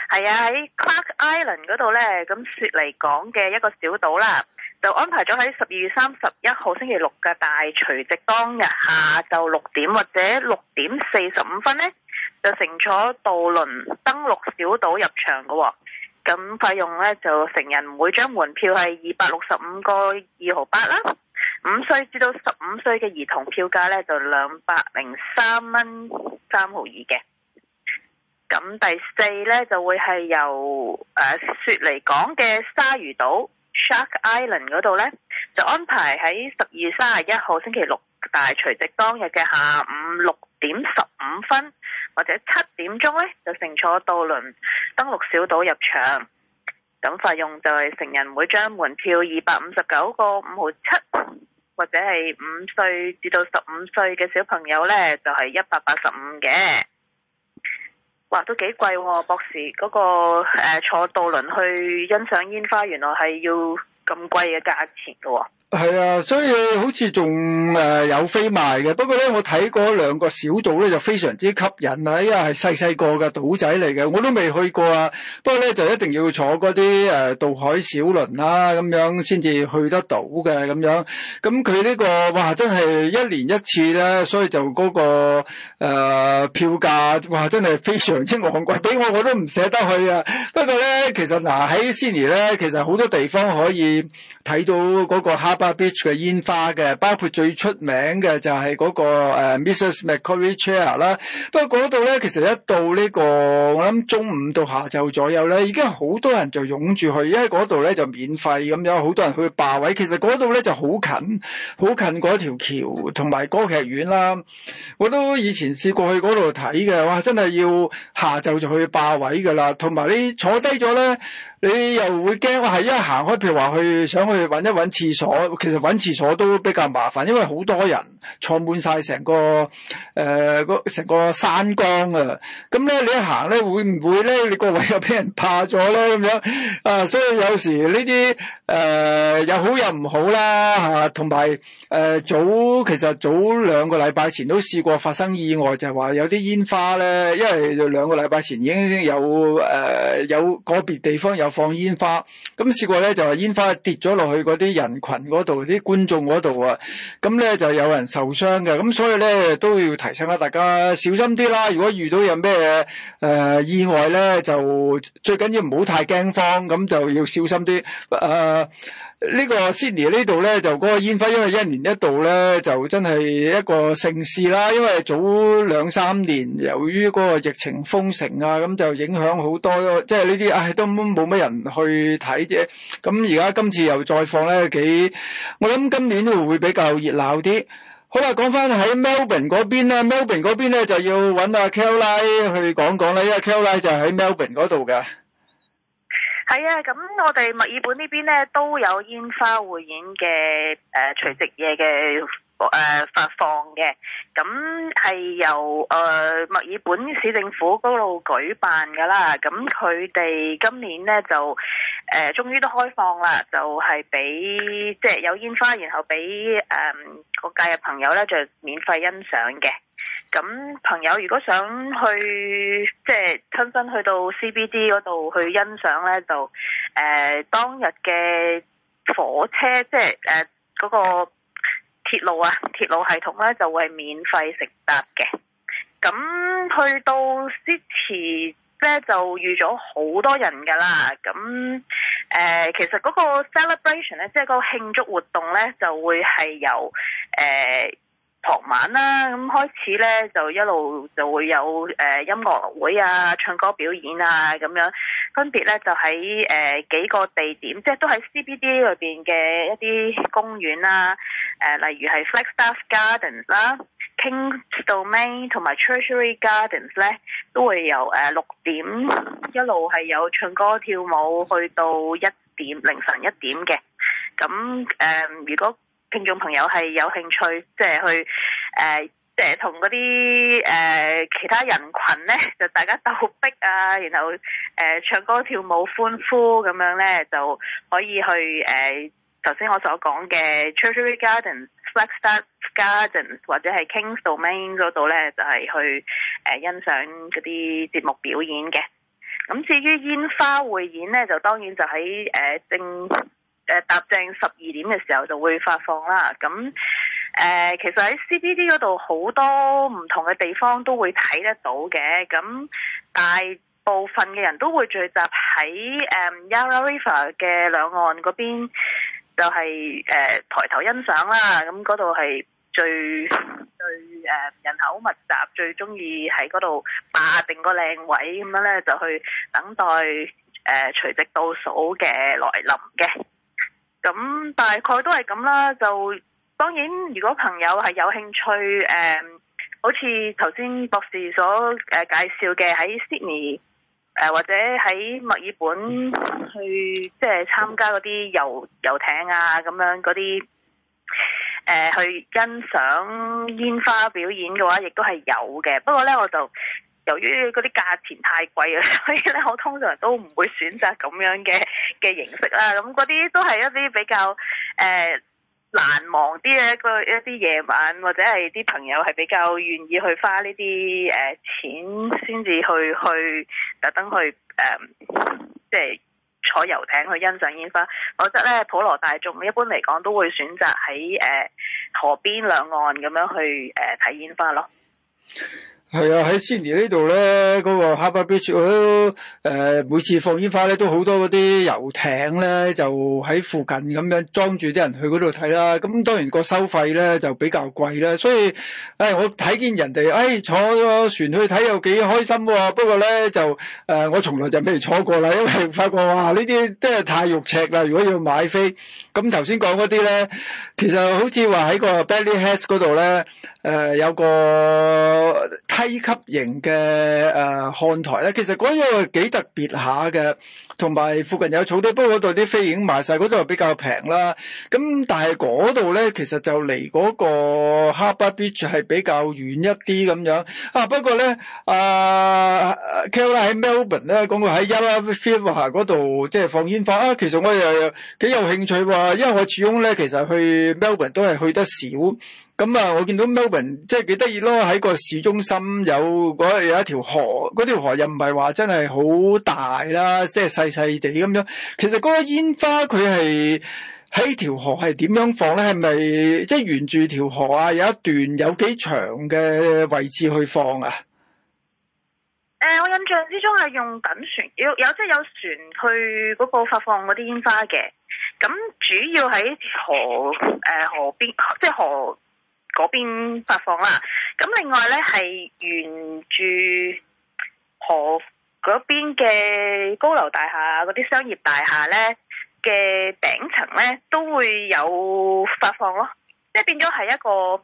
係啊，喺 Clark Island 嗰度呢，咁雪嚟講嘅一個小島啦。就安排咗喺十二月三十一號星期六嘅大除夕當日下晝六點或者六點四十五分呢，就乘坐渡輪登陸小島入場嘅、哦。咁費用呢，就成人每張門票係二百六十五個二毫八啦，五歲至到十五歲嘅兒童票價呢，就兩百零三蚊三毫二嘅。咁第四呢，就會係由誒雪梨港嘅鯊魚島。Shark Island 嗰度呢，就安排喺十二月三十一號星期六大除夕當日嘅下午六點十五分或者七點鐘呢，就乘坐渡輪登陸小島入場。咁費用就係成人每張門票二百五十九個五毫七，或者係五歲至到十五歲嘅小朋友呢，就係一百八十五嘅。啊，都幾貴喎，博士嗰個誒坐渡輪去欣賞煙花，原來係要咁貴嘅價錢嘅喎。係啊，所以好似仲，誒有飛賣嘅。不過咧，我睇過兩個小島咧，就非常之吸引啊，因為係細細個嘅島仔嚟嘅，我都未去過啊。不過咧，就一定要坐啲誒、啊、渡海小輪啦、啊，咁樣先至去得到嘅。咁樣咁佢呢個哇，真係一年一次咧，所以就、嗰個誒、呃、票價哇，真係非常之昂貴。俾我我都唔捨得去啊。不過咧，其實嗱喺、呃、斯尼咧，其實好多地方可以睇到個哈巴。嘅煙花嘅，包括最出名嘅就係嗰個誒 Mrs Macquarie Chair 啦。不過嗰度咧，其實一到呢個我諗中午到下晝左右咧，已經好多人就湧住去，因為嗰度咧就免費咁，有好多人去霸位。其實嗰度咧就好近，好近嗰條橋同埋歌劇院啦。我都以前試過去嗰度睇嘅，哇！真係要下晝就去霸位噶啦，同埋你坐低咗咧。你又會驚，我係一行開，譬如話去，想去揾一揾廁所，其實揾廁所都比較麻煩，因為好多人。坐滿晒成個誒個成個山崗啊！咁咧你一行咧會唔會咧？你個位又俾人霸咗咧咁樣啊！所以有時呢啲誒又好又唔好啦嚇，同埋誒早其實早兩個禮拜前都試過發生意外，就係、是、話有啲煙花咧，因為兩個禮拜前已經有誒、呃、有個別地方有放煙花，咁試過咧就係煙花跌咗落去嗰啲人群嗰度、啲觀眾嗰度啊，咁咧就有人。受傷嘅，咁所以咧都要提醒下、啊、大家小心啲啦。如果遇到有咩誒、呃、意外咧，就最緊要唔好太驚慌，咁就要小心啲。誒、呃，這個、呢個 Sydney 呢度咧就嗰個煙花，因為一年一度咧就真係一個盛事啦。因為早兩三年由於嗰個疫情封城啊，咁就影響好多囉，即係呢啲唉都冇乜人去睇啫。咁而家今次又再放咧幾，我諗今年都會比較熱鬧啲。好啦，講翻喺 Melbourne 嗰邊咧，Melbourne 嗰邊咧就要搵阿 Kelly 去講講啦，因為 Kelly 就喺 Melbourne 嗰度嘅。係啊，咁我哋墨爾本呢邊咧都有煙花匯演嘅誒除夕夜嘅誒發放嘅。呃咁係、嗯、由誒墨、呃、爾本市政府嗰度舉辦㗎啦，咁佢哋今年咧就誒、呃、終於都開放啦，就係、是、俾即係有煙花，然後俾誒、嗯、個假日朋友咧就免費欣賞嘅。咁、嗯、朋友如果想去即係親身去到 CBD 嗰度去欣賞咧，就誒、呃、當日嘅火車即係誒嗰個。鐵路啊，鐵路系統咧就會免費乘搭嘅。咁去到 City 咧就遇咗好多人噶啦。咁誒、呃，其實嗰個 Celebration 咧，即係嗰個慶祝活動咧，就會係由誒。呃傍晚啦，咁開始咧就一路就會有誒、呃、音樂會啊、唱歌表演啊咁樣，分別咧就喺誒、呃、幾個地點，即係都喺 CBD 裏邊嘅一啲公園啦、啊，誒、呃、例如係 Flagstaff Gardens 啦、Kings Domain 同埋 Treasury Gardens 咧，都會由誒六點一路係有唱歌跳舞去到一點凌晨一點嘅，咁誒、呃、如果。聽眾朋友係有興趣，即、就、係、是、去誒誒同嗰啲誒其他人群咧，就大家鬥壁啊，然後誒、呃、唱歌跳舞歡呼咁樣咧，就可以去誒頭先我所講嘅 Treasury Garden、Flagstaff Garden 或者係 King's Domain 度咧，就係、是、去誒、呃、欣賞嗰啲節目表演嘅。咁至於煙花匯演咧，就當然就喺誒、呃、正。誒，踏正十二點嘅時候就會發放啦。咁誒、呃，其實喺 CBD 嗰度好多唔同嘅地方都會睇得到嘅。咁大部分嘅人都會聚集喺誒、嗯、Yarra River 嘅兩岸嗰邊、就是，就係誒抬頭欣賞啦。咁嗰度係最最誒、呃、人口密集，最中意喺嗰度霸定個靚位咁樣咧，就去等待誒除夕倒數嘅來臨嘅。咁大概都係咁啦，就當然如果朋友係有興趣，誒、嗯，好似頭先博士所誒、呃、介紹嘅，喺 Sydney 誒、呃、或者喺墨爾本去即係參加嗰啲遊遊艇啊，咁樣嗰啲誒去欣賞煙花表演嘅話，亦都係有嘅。不過咧，我就，由於嗰啲價錢太貴啊，所以咧我通常都唔會選擇咁樣嘅嘅形式啦。咁嗰啲都係一啲比較誒、呃、難忘啲嘅一啲夜晚，或者係啲朋友係比較願意去花呢啲誒錢，先至去去特登去誒、呃，即係坐遊艇去欣賞煙花。否則咧，普羅大眾一般嚟講都會選擇喺誒河邊兩岸咁樣去誒睇、呃、煙花咯。係啊，喺悉尼呢度咧，嗰、那個哈巴 beach，都誒每次放煙花咧，都好多嗰啲遊艇咧，就喺附近咁樣裝住啲人去嗰度睇啦。咁當然個收費咧就比較貴啦，所以誒、哎、我睇見人哋誒、哎、坐個船去睇又幾開心喎、啊。不過咧就誒、呃、我從來就未坐過啦，因為發覺啊，呢啲真係太肉赤啦。如果要買飛咁，頭先講嗰啲咧，其實好似話喺個 Bradleys Head 嗰度咧，誒、呃、有個。低級型嘅誒、呃、看台咧，其實嗰個幾特別下嘅，同埋附近有草地，不過嗰度啲飛已經賣曬，嗰度比較平啦。咁但係嗰度咧，其實就離嗰個 Harbour Beach 係比較遠一啲咁樣。啊，不過咧，啊 Kel 啦喺 Melbourne 咧講過喺 Yarra River 下嗰度即係放煙花啊，其實我又幾有興趣喎，因為我始終咧其實去 Melbourne 都係去得少。咁啊、嗯！我見到 Melbourne 即係幾得意咯，喺個市中心有嗰有一條河，嗰條河又唔係話真係好大啦，即係細細哋，咁樣。其實嗰個煙花佢係喺條河係點樣放咧？係咪即係沿住條河啊？有一段有幾長嘅位置去放啊？誒、呃，我印象之中係用躉船，要有即係有、就是、有船去嗰個發放嗰啲煙花嘅。咁主要喺河誒、呃、河邊，即係河。嗰邊發放啦，咁另外呢，係沿住河嗰邊嘅高樓大廈嗰啲商業大廈呢嘅頂層呢，都會有發放咯，即係變咗係一個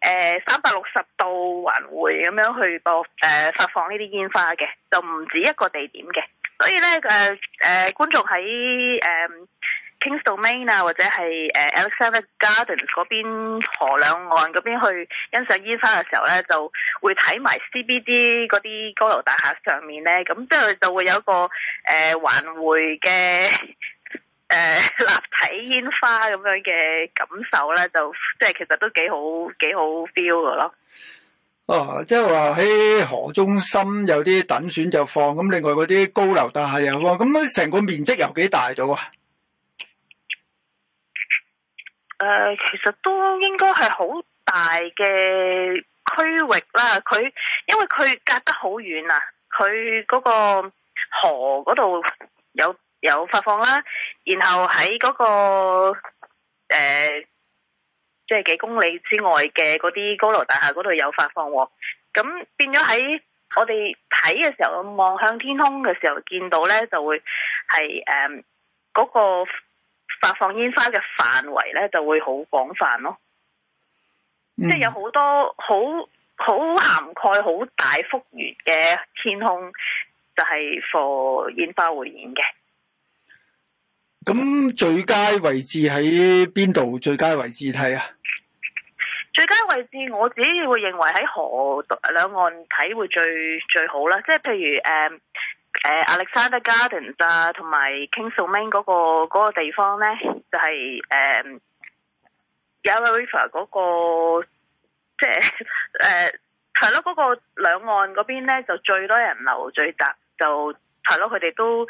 誒三百六十度環回咁樣去播誒、呃、發放呢啲煙花嘅，就唔止一個地點嘅，所以呢，誒、呃、誒、呃、觀眾喺誒、呃 Kings Domain 啊，或者係誒、啊、Alexander Gardens 嗰邊河兩岸嗰邊去欣賞煙花嘅時候咧，就會睇埋 CBD 嗰啲高樓大廈上面咧，咁即係就會有一個誒環、呃、迴嘅誒、呃、立體煙花咁樣嘅感受咧，就即係其實都幾好幾好 feel 嘅咯。哦、啊，即係話喺河中心有啲等選就放咁，另外嗰啲高樓大廈又放咁，成個面積又幾大咗啊！誒、呃，其實都應該係好大嘅區域啦。佢因為佢隔得好遠啊，佢嗰個河嗰度有有發放啦，然後喺嗰、嗰個誒，即、呃、係、就是、幾公里之外嘅嗰啲高樓大廈嗰度有發放啊。咁變咗喺我哋睇嘅時候，望向天空嘅時候，見到咧就會係誒嗰個。發放煙花嘅範圍咧就會好廣泛咯，嗯、即係有好多好好涵蓋好大幅員嘅天空，就係放煙花匯演嘅。咁最佳位置喺邊度？最佳位置睇啊！最佳，最佳位置我自己會認為喺河兩岸睇會最最好啦，即係譬如誒。嗯誒、uh，Alexandra Gardens 啊，同埋 Kings Domain 嗰、那個嗰、那個、地方咧，就係誒有個 Yarra River 嗰、那個，即係誒係咯嗰個兩岸嗰邊咧，就最多人流最窄，就係咯佢哋都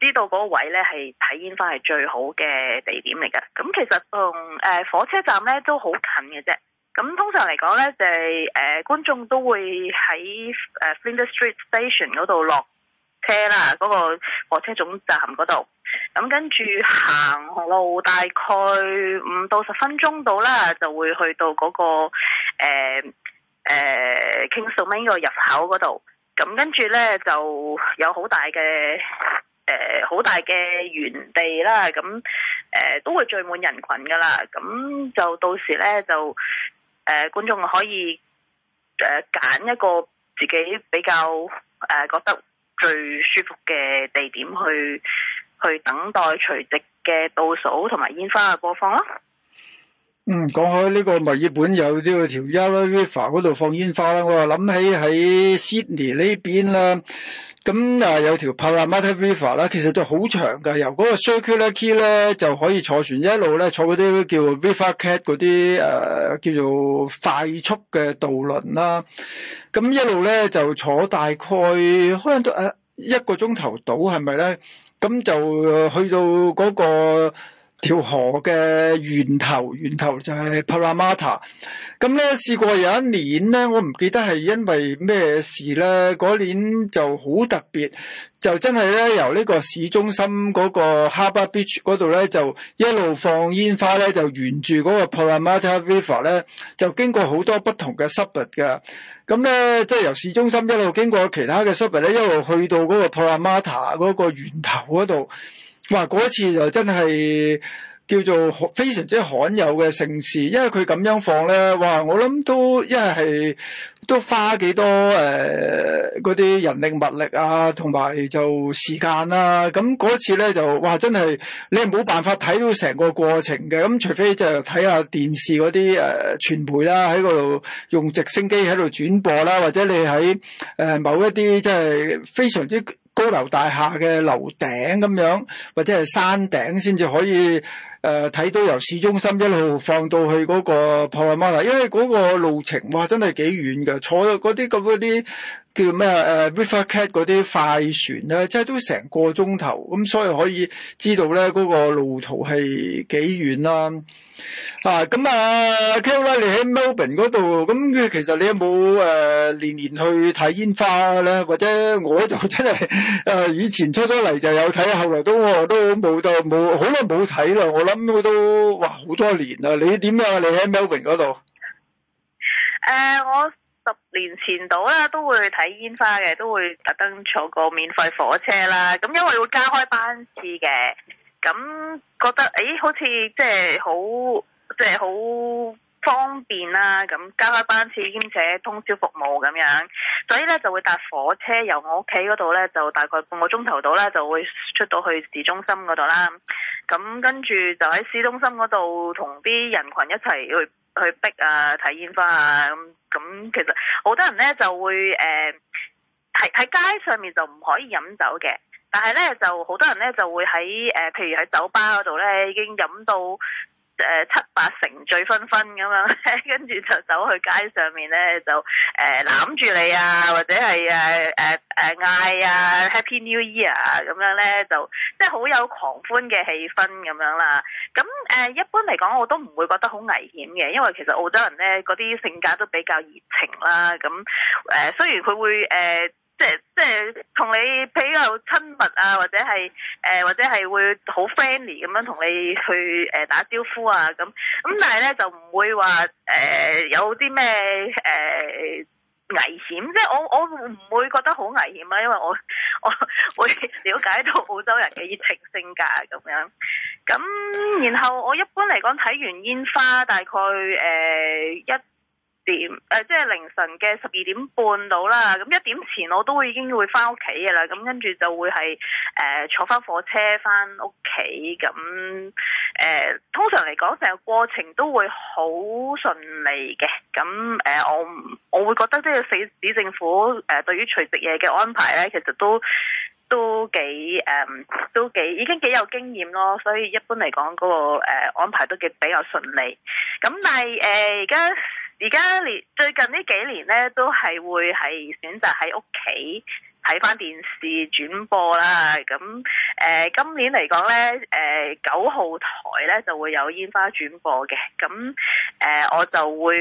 知道嗰個位咧係睇煙花係最好嘅地點嚟嘅。咁其實同誒、uh, 火車站咧都好近嘅啫。咁通常嚟講咧，就係、是、誒、uh, 觀眾都會喺誒 Flinders Street Station 嗰度落。車啦，嗰、那個火車總站嗰度，咁跟住行路大概五到十分鐘到啦，就會去到嗰、那個誒誒 Kings Domain 個入口嗰度。咁跟住咧就有好大嘅誒好大嘅園地啦，咁誒、呃、都會聚滿人群噶啦。咁就到時咧就誒、呃、觀眾可以誒揀、呃、一個自己比較誒、呃、覺得。最舒服嘅地點去去等待除夕嘅倒數同埋煙花嘅播放咯。嗯，講開呢個墨爾本有呢個條 Yarra 嗰度放煙花啦，我話諗起喺 Sydney 呢邊啦，咁啊有條 Parramatta River 啦，其實就好長噶，由嗰個 Circular Quay 咧就可以坐船一路咧坐嗰啲叫 River Cat 嗰啲誒叫做快速嘅渡輪啦，咁一路咧就坐大概可能都誒一個鐘頭到係咪咧？咁就去到嗰、那個。條河嘅源頭，源頭就係 Parramatta。咁咧試過有一年咧，我唔記得係因為咩事咧。嗰年，就好特別，就真係咧由呢個市中心嗰個 Haba Beach 嗰度咧，就一路放煙花咧，就沿住嗰個 Parramatta River 咧，就經過好多不同嘅 suburb 㗎。咁咧即係由市中心一路經過其他嘅 suburb 咧，一路去到嗰個 Parramatta 嗰個源頭嗰度。哇！嗰次就真係叫做非常之罕有嘅盛事，因為佢咁樣放咧，哇！我諗都因為係都花幾多誒嗰啲人力物力啊，同埋就時間啦、啊。咁、嗯、嗰次咧就哇！真係你係冇辦法睇到成個過程嘅，咁、嗯、除非就係睇下電視嗰啲誒傳媒啦，喺嗰度用直升機喺度轉播啦，或者你喺誒、呃、某一啲即係非常之高樓大廈嘅樓頂咁樣，或者係山頂先至可以誒呃、睇到由市中心一路放到去嗰個帕拉馬塔，因為嗰個路程哇真係幾遠嘅，坐嗰啲咁嗰啲。叫咩？誒、uh, River Cat 嗰啲快船咧、啊，即係都成個鐘頭，咁、嗯、所以可以知道咧嗰、那個路途係幾遠啦、啊。啊，咁、嗯、啊，傾翻你喺 Melbourne 嗰度，咁、嗯、其實你有冇誒年年去睇煙花咧？或者我就真係誒、啊、以前出咗嚟就有睇，後來都都冇到冇，好耐冇睇啦。我諗都哇好多年啦。你點樣啊？你喺 Melbourne 嗰度？誒、uh, 我。年前到咧都會睇煙花嘅，都會特登坐個免費火車啦。咁、嗯、因為會加開班次嘅，咁、嗯、覺得誒、哎、好似即係好即係好方便啦。咁、嗯、加開班次兼且通宵服務咁樣，所以咧就會搭火車由我屋企嗰度咧就大概半個鐘頭到咧就會出到去市中心嗰度啦。咁、嗯、跟住就喺市中心嗰度同啲人群一齊去。去逼啊，睇煙花啊咁，咁，其實好多人咧就會誒喺喺街上面就唔可以飲酒嘅，但係咧就好多人咧就會喺誒、呃，譬如喺酒吧嗰度咧已經飲到。誒七八成醉醺醺咁樣，跟住就走去街上面咧，就誒攬住你啊，或者係誒誒誒嗌啊 Happy New Year 咁樣咧，就即係好有狂歡嘅氣氛咁樣啦。咁誒、呃、一般嚟講，我都唔會覺得好危險嘅，因為其實澳洲人咧嗰啲性格都比較熱情啦。咁誒、呃、雖然佢會誒，呃即係即係同你比較親密啊，或者係誒、呃、或者係會好 friendly 咁樣同你去誒、呃、打招呼啊，咁咁但係咧就唔會話誒、呃、有啲咩誒危險，即係我我唔會覺得好危險啊，因為我我會了解到澳洲人嘅熱情性格咁樣，咁然後我一般嚟講睇完煙花大概誒、呃、一。點誒、嗯，即係凌晨嘅十二點半到啦，咁一點前我都已經會翻屋企嘅啦。咁跟住就會係誒、呃、坐翻火車翻屋企。咁誒、呃，通常嚟講成個過程都會好順利嘅。咁誒、呃，我我會覺得即係市市政府誒、呃、對於除夕夜嘅安排咧，其實都都幾誒，都幾、呃、都幾已經幾有經驗咯。所以一般嚟講嗰個誒、呃、安排都幾比較順利。咁但係誒而家。呃而家年最近呢幾年咧，都係會係選擇喺屋企睇翻電視轉播啦。咁誒、呃，今年嚟講咧，誒、呃、九號台咧就會有煙花轉播嘅。咁誒、呃，我就會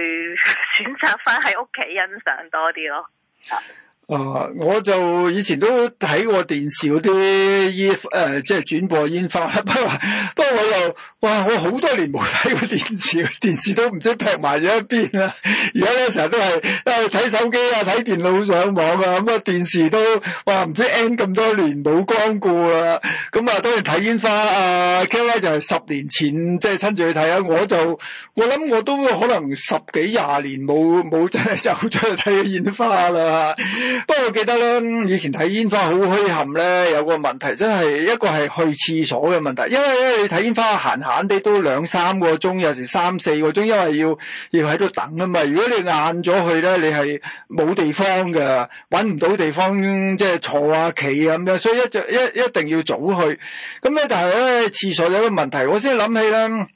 選擇翻喺屋企欣賞多啲咯。 啊！Uh, 我就以前都睇過電視嗰啲煙誒，即係轉播煙花。不 過我又哇，我好多年冇睇過電視，電視都唔知劈埋咗一邊啦。而家咧成日都係都係睇手機啊，睇、啊、電腦上網啊，咁、嗯、啊電視都哇唔知 n 咁多年冇光顧啦。咁啊當然睇煙花啊，Kel 咧就係十年前即係親自去睇啊。我就我諗我都可能十幾廿年冇冇即係走出去睇煙花啦。不過我記得咧，以前睇煙花好墟冚咧，有個問題真係一個係去廁所嘅問題，因為咧你睇煙花閒閒啲都兩三個鐘，有時三四個鐘，因為要要喺度等啊嘛。如果你晏咗去咧，你係冇地方嘅，搵唔到地方即係坐下企啊咁樣、啊，所以一就一一定要早去。咁咧，但係咧廁所有個問題，我先諗起咧。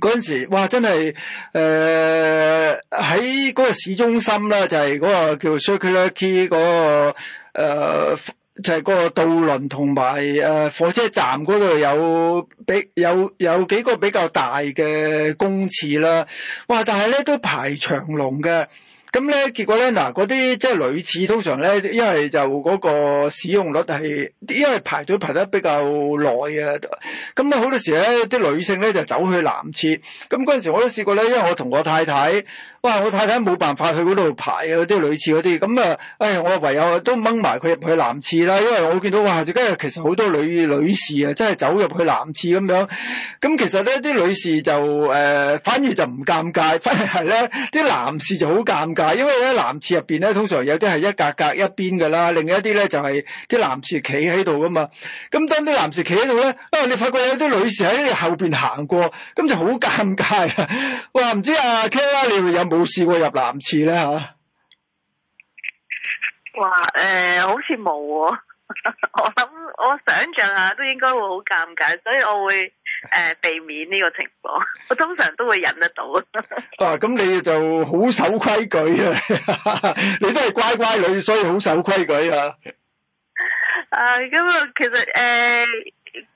嗰陣時，哇！真係誒喺嗰個市中心啦，就係、是、嗰個叫 Circular Quay、那個、呃、就係、是、個渡輪同埋誒火車站嗰度有比有有幾個比較大嘅公廁啦。哇！但係咧都排長龍嘅。咁咧、嗯，結果咧，嗱，啲即係女廁通常咧，因為就個使用率係，因為排隊排得比較耐啊。咁啊好多時咧，啲女性咧就走去男廁。咁陣時我都試過咧，因為我同我太太，哇，我太太冇辦法去度排啊啲女廁啲，咁、嗯、啊，誒、哎、我唯有都掹埋佢入去男廁啦。因為我見到哇，最近其實好多女女士啊，真係走入去男廁咁樣。咁、嗯、其實咧，啲女士就誒、呃、反而就唔尷尬，反而係咧，啲男士就好尷尬。因為咧，男廁入邊咧，通常有啲係一格格一邊嘅啦，另一啲咧就係、是、啲男廁企喺度噶嘛。咁當啲男廁企喺度咧，啊，你發覺有啲女士喺你後邊行過，咁就好尷尬啦、啊。哇，唔知阿、啊、K 啦，你會有冇試過入男廁咧嚇？哇，誒、呃，好似冇喎。 我諗我想像下都應該會好尷尬，所以我會。誒，避免呢個情況，我通常都會忍得到。啊，咁你就好守規矩啊，你都係乖乖女，所以好守規矩啊。啊，咁啊，其實誒，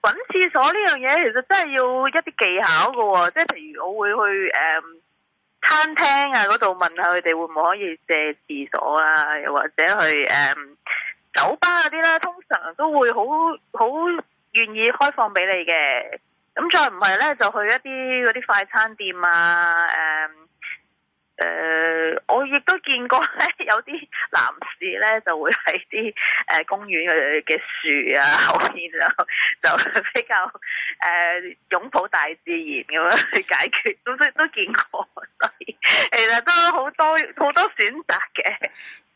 搵廁所呢樣嘢其實真係要一啲技巧噶，即係譬如我會去誒餐廳啊嗰度問下佢哋會唔會可以借廁所啊，又或者去誒酒吧嗰啲啦，通常都會好好願意開放俾你嘅。咁再唔係咧，就去一啲嗰啲快餐店啊，誒、嗯、誒、呃，我亦都見過咧，有啲男士咧就會喺啲誒公園嘅樹啊後面就就比較誒、呃、擁抱大自然咁樣去解決，都都都見過。所以其實都好多好多選擇嘅。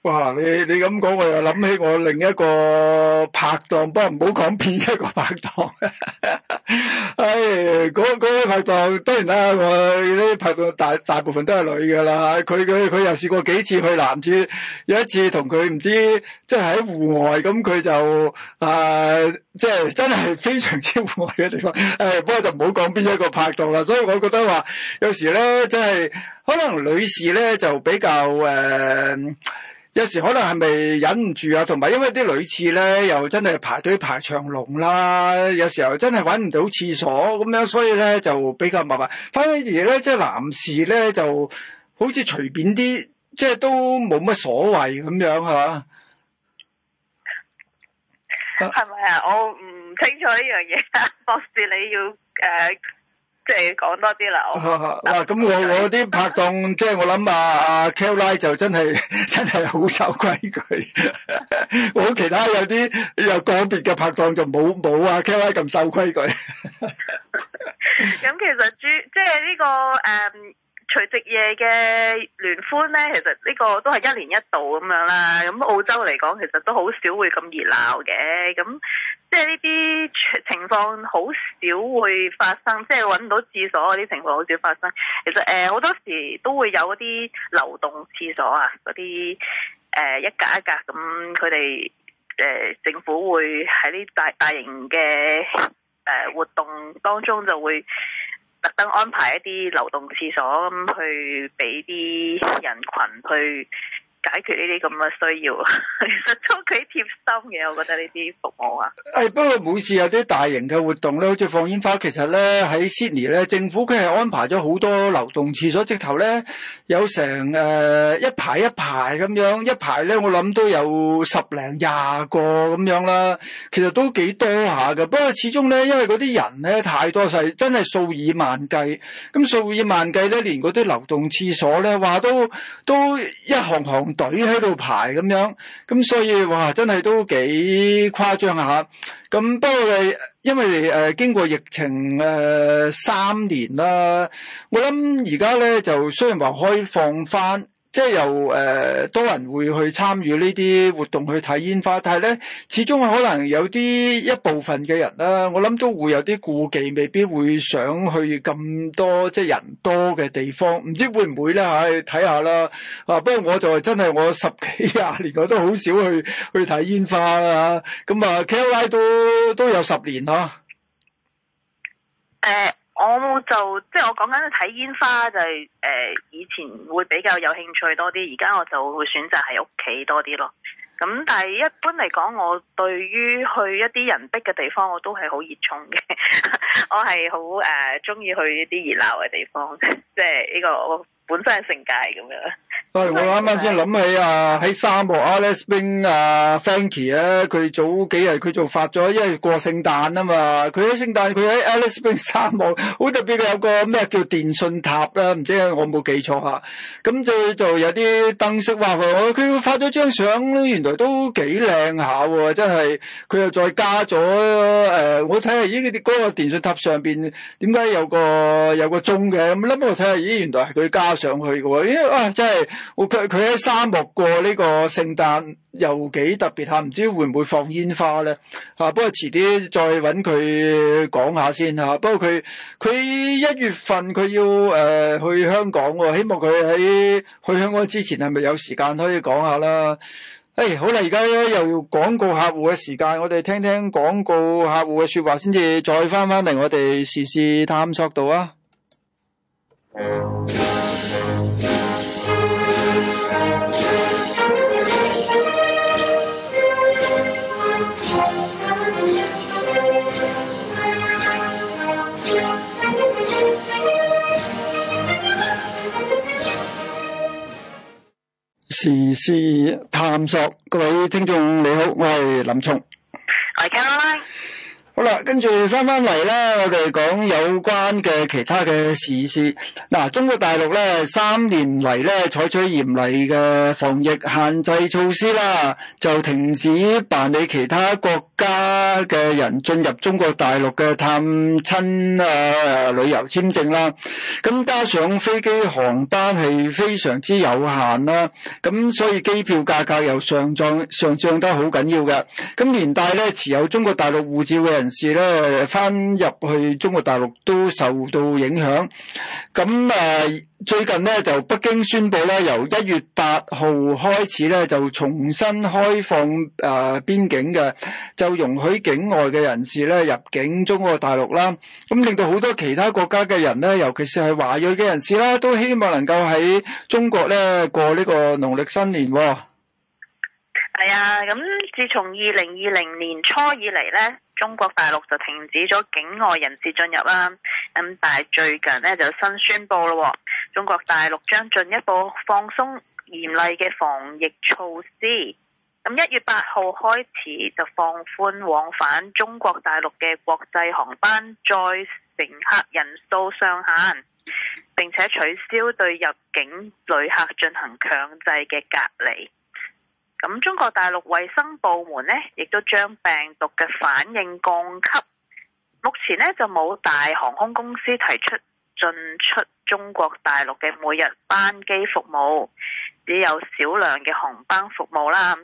哇！你你咁講，我又諗起我另一個拍檔，不過唔好講邊一個拍檔。唉、 哎，嗰嗰、嗰個、拍檔當然啦，我、呃、啲拍檔大大部分都係女噶啦。佢佢佢又試過幾次去男廁，有一次同佢唔知即係喺戶外咁，佢就誒，即係、嗯呃、真係非常之戶外嘅地方。誒、哎，不過就唔好講邊一個拍檔啦。所以我覺得話有時咧，即係可能女士咧就比較誒。呃有時可能係咪忍唔住啊？同埋因為啲女廁咧，又真係排隊排長龍啦，有時候真係揾唔到廁所咁樣，所以咧就比較麻煩。反而咧，即係男士咧，就好似隨便啲，即係都冇乜所謂咁樣，係嘛？係咪啊？我唔清楚呢樣嘢，博士你要誒。呃即係講多啲啦、 啊，啊咁我我啲拍檔，即、就、係、是、我諗啊 Kelly 就真係真係好守規矩，好 其他有啲有個別嘅拍檔就冇冇啊 Kelly 咁守規矩。咁、 嗯、其實主即係呢個誒。Um, 除夕夜嘅聯歡呢，其實呢個都係一年一度咁樣啦。咁澳洲嚟講，其實都好少會咁熱鬧嘅。咁即係呢啲情況好少會發生，即係揾唔到廁所嗰啲情況好少發生。其實誒、呃、好多時都會有啲流動廁所啊，嗰啲誒一格一格咁，佢哋、呃、政府會喺啲大大型嘅誒、呃、活動當中就會。特登安排一啲流動廁所，噉去畀啲人群去。解決呢啲咁嘅需要， 其實都幾貼心嘅。我覺得呢啲服務啊，誒不過每次有啲大型嘅活動咧，好似放煙花，其實咧喺 Sydney 咧，政府佢係安排咗好多流動廁所，直頭咧有成誒、呃、一排一排咁樣，一排咧我諗都有十零廿個咁樣啦。其實都幾多下㗎，不過始終咧因為嗰啲人咧太多曬，真係數以萬計。咁數以萬計咧，連嗰啲流動廁所咧話都都一行行，隊喺度排咁樣，咁所以哇，真係都幾誇張啊！吓，咁不過係因為誒、呃、經過疫情誒、呃、三年啦，我諗而家咧就雖然話開放翻。即係又誒，多人會去參與呢啲活動去睇煙花，但係咧，始終可能有啲一,一部分嘅人啦、啊，我諗都會有啲顧忌，未必會想去咁多即係人多嘅地方，唔知會唔會咧吓？睇下啦。啊，不過我就真係我十幾廿年我都好少去去睇煙花啊。咁啊，K O I 都都有十年啦。啊我就即係我講緊睇煙花就係、是、誒、呃、以前會比較有興趣多啲，而家我就會選擇喺屋企多啲咯。咁但係一般嚟講，我對於去一啲人逼嘅地方，我都係好熱衷嘅。 我係好誒中意去一啲熱鬧嘅地方，即係呢個我。本身係聖界咁樣。誒，我啱啱先諗起啊，喺沙漠 Alice Springs 啊，Fancy 咧，佢、啊啊、早幾日佢就發咗，因為過聖誕啊嘛。佢喺聖誕，佢喺 Alice Springs 沙漠，好特別嘅有個咩叫電信塔啦、啊，唔知我冇記錯吓、啊，咁就就有啲燈飾畫佢，我佢發咗張相咧，原來都幾靚下真係佢又再加咗誒、呃、我睇下咦嗰啲個電信塔上邊點解有個有個鐘嘅咁，咁我睇下咦，原來係佢加。上去嘅啊、哎哎，真係佢佢喺沙漠過呢個聖誕又幾特別嚇，唔知會唔會放煙花咧嚇、啊。不過遲啲再揾佢講下先嚇、啊。不過佢佢一月份佢要誒、呃、去香港，希望佢喺去香港之前係咪有時間可以講下啦？誒、哎、好啦，而家又要廣告客戶嘅時間，我哋聽聽廣告客戶嘅説話先至，再翻返嚟我哋時事探索到啊。嗯時事探索，各位聽眾你好，我係林聰。好啦，跟住翻翻嚟咧，我哋講有關嘅其他嘅事事。嗱、啊，中國大陸咧三年嚟咧採取嚴厲嘅防疫限制措施啦，就停止辦理其他國家嘅人進入中國大陸嘅探親啊、呃、旅遊簽證啦。咁加上飛機航班係非常之有限啦，咁所以機票價格又上漲，上漲得好緊要嘅。咁連帶咧持有中國大陸護照嘅人士咧翻入去中國大陸都受到影響，咁啊最近呢，就北京宣布咧由一月八號開始咧就重新開放誒邊、呃、境嘅，就容許境外嘅人士咧入境中國大陸啦，咁令到好多其他國家嘅人咧，尤其是係華裔嘅人士啦，都希望能夠喺中國咧過呢個農曆新年，哦。係啊、哎，咁自從二零二零年初以嚟咧。中國大陸就停止咗境外人士進入啦，咁但係最近呢，就新宣布咯，中國大陸將進一步放鬆嚴厲嘅防疫措施。咁一月八號開始就放寬往返中國大陸嘅國際航班載乘客人數上限，並且取消對入境旅客進行強制嘅隔離。咁中國大陸衞生部門呢，亦都將病毒嘅反應降級。目前呢，就冇大航空公司提出進出中國大陸嘅每日班機服務，只有少量嘅航班服務啦。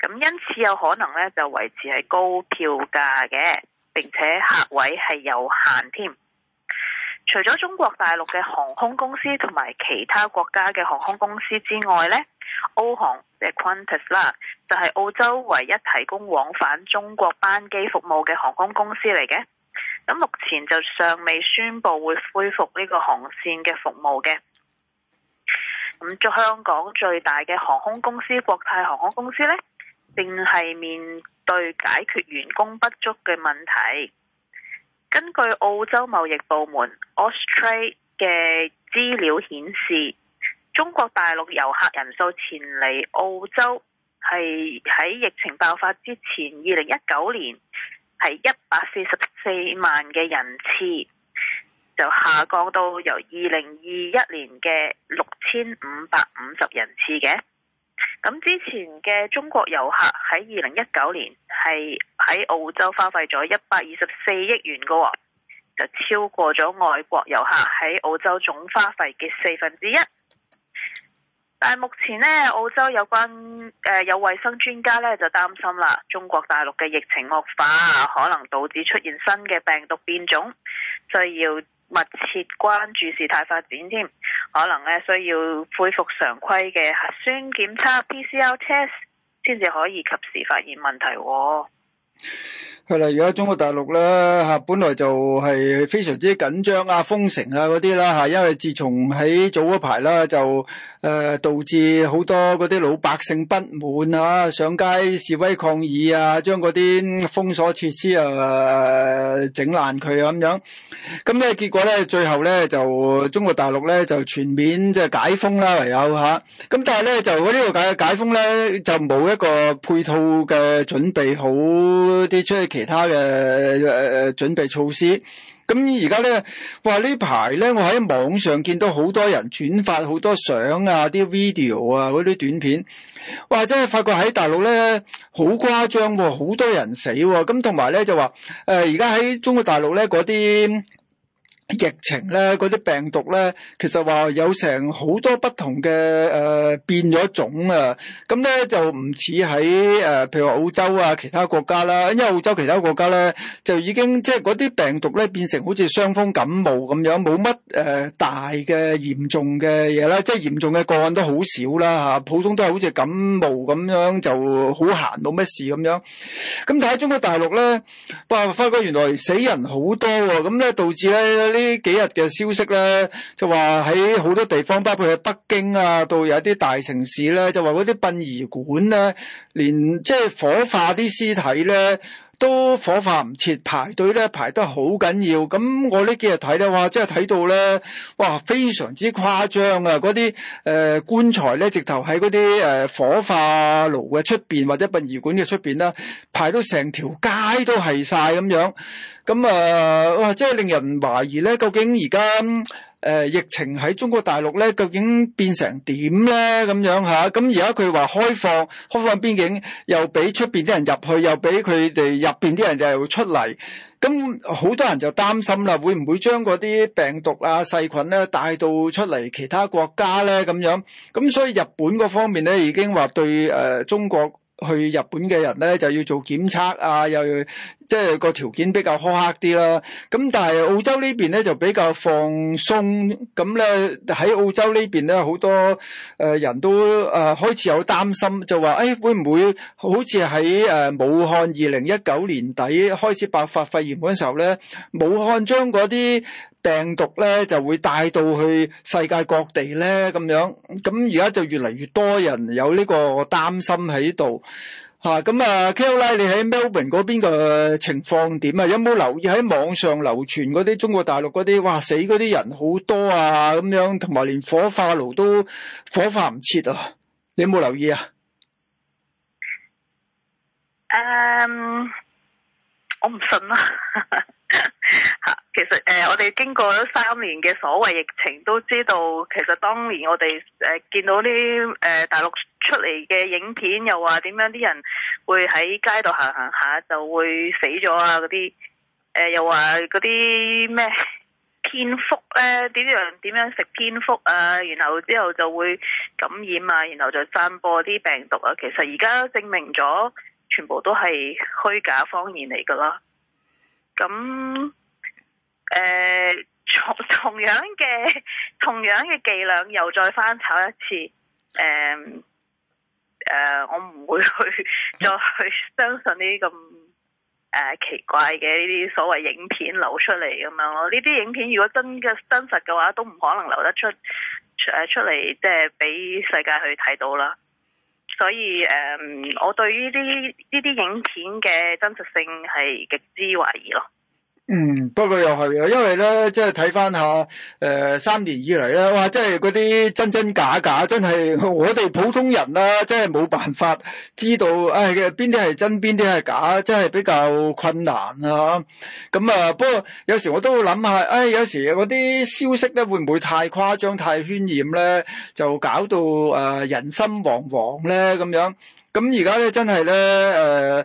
咁因此有可能呢，就維持係高票價嘅，並且客位係有限添。除咗中國大陸嘅航空公司同埋其他國家嘅航空公司之外呢。澳航 （Air a n t a s 啦，antas，就係澳洲唯一提供往返中國班機服務嘅航空公司嚟嘅。咁目前就尚未宣布會恢復呢個航線嘅服務嘅。咁在香港最大嘅航空公司國泰航空公司呢，正係面對解決員工不足嘅問題。根據澳洲貿易部門 （Australia） 嘅資料顯示。中國大陸遊客人數前嚟澳洲係喺疫情爆發之前，二零一九年係一百四十四萬嘅人次，就下降到由二零二一年嘅六千五百五十人次嘅。咁之前嘅中國遊客喺二零一九年係喺澳洲花費咗一百二十四億元㗎，就超過咗外國遊客喺澳洲總花費嘅四分之一。但目前咧，澳洲有關誒、呃、有衛生專家咧就擔心啦，中國大陸嘅疫情惡化，可能導致出現新嘅病毒變種，所以要密切關注事態發展添，可能咧需要恢復常規嘅核酸檢測 PCR test，先至可以及時發現問題，哦。係啦，而家中國大陸咧吓，本來就係非常之緊張啊，封城啊嗰啲啦吓，因為自從喺早嗰排啦就誒導致好多嗰啲老百姓不滿啊，上街示威抗議啊，將嗰啲封鎖設施啊整爛佢啊。咁樣，咁、啊、咧結果咧最後咧就中國大陸咧就全面即係解封啦唯有吓，咁、啊啊、但係咧就我呢度解解封咧就冇一個配套嘅準備好啲出去。其他嘅誒誒準備措施，咁而家咧，哇呢排咧，我喺網上見到好多人轉發好多相啊，啲 video 啊，嗰啲短片，哇真係發覺喺大陸咧好誇張喎、哦，好多人死喎、哦，咁同埋咧就話誒而家喺中國大陸咧嗰啲。疫情咧，嗰啲病毒咧，其實話有成好多不同嘅誒、呃、變咗種啊。咁、嗯、咧就唔似喺誒，譬如話澳洲啊，其他國家啦。因為澳洲其他國家咧，就已經即係嗰啲病毒咧變成好似傷風感冒咁樣，冇乜誒大嘅嚴重嘅嘢啦。即係嚴重嘅個案都好少啦吓、啊，普通都係好似感冒咁樣就好閒冇乜事咁樣。咁、嗯、但係喺中國大陸咧，哇，發覺原來死人好多喎。咁、嗯、咧導致咧。呢幾日嘅消息咧，就話喺好多地方，包括喺北京啊，到有啲大城市咧，就話嗰啲殯儀館咧，連即係火化啲屍體咧。都火化唔切，排隊咧排得好緊要。咁我呢幾日睇咧，哇！即係睇到咧，哇！非常之誇張啊！嗰啲誒棺材咧，直頭喺嗰啲誒火化爐嘅出邊或者殯儀館嘅出邊啦，排到成條街都係晒咁樣。咁啊、呃，哇！即係令人懷疑咧，究竟而家～誒、呃、疫情喺中國大陸咧，究竟變成點咧？咁樣嚇，咁而家佢話開放開放邊境，又俾出邊啲人入去，又俾佢哋入邊啲人又出嚟，咁、嗯、好多人就擔心啦，會唔會將嗰啲病毒啊細菌咧帶到出嚟其他國家咧？咁樣，咁、嗯、所以日本嗰方面咧已經話對誒、呃、中國去日本嘅人咧就要做檢測啊，又要。即係個條件比較苛刻啲啦，咁但係澳洲呢邊咧就比較放鬆，咁咧喺澳洲呢邊咧好多誒、呃、人都誒、呃、開始有擔心，就話誒會唔會好似喺誒武漢二零一九年底開始爆發肺炎嗰陣時候咧，武漢將嗰啲病毒咧就會帶到去世界各地咧咁樣，咁而家就越嚟越多人有呢個擔心喺度。吓咁啊，啊，凱拉，你喺 Melbourne 嗰邊嘅情況點啊？有冇留意喺網上流傳嗰啲中國大陸嗰啲，哇死嗰啲人好多啊咁樣，同埋連火化爐都火化唔切啊？你有冇留意啊？嗯，um, 我唔信啦。吓，其實誒、呃，我哋經過咗三年嘅所謂疫情，都知道其實當年我哋誒、呃、見到啲誒、呃、大陸出嚟嘅影片，又話點樣啲人會喺街度行行下就會死咗啊！嗰啲誒又話嗰啲咩蝙蝠咧，點、呃、樣點樣食蝙蝠啊，然後之後就會感染啊，然後就散播啲病毒啊。其實而家證明咗，全部都係虛假謊言嚟噶啦。咁誒、uh，同同樣嘅同樣嘅伎倆又再翻炒一次，誒誒，我唔會去再去相信呢啲咁誒奇怪嘅呢啲所謂影片流出嚟咁樣咯。呢啲影片如果真嘅真實嘅話，都唔可能流得出誒出嚟，即係俾世界去睇到啦。所以誒，um, 我對於呢啲呢啲影片嘅真實性係極之懷疑咯。嗯，不過又係啊，因為咧，即係睇翻下，誒、呃，三年以嚟咧，哇，即係嗰啲真真假假，真係我哋普通人啦、啊，真係冇辦法知道，誒、哎，邊啲係真，邊啲係假，真係比較困難啊。咁、嗯、啊，不過有時我都會諗下，誒、哎，有時嗰啲消息咧會唔會太誇張、太渲染咧，就搞到誒、呃、人心惶惶咧咁樣。咁而家咧，真係咧，誒、呃。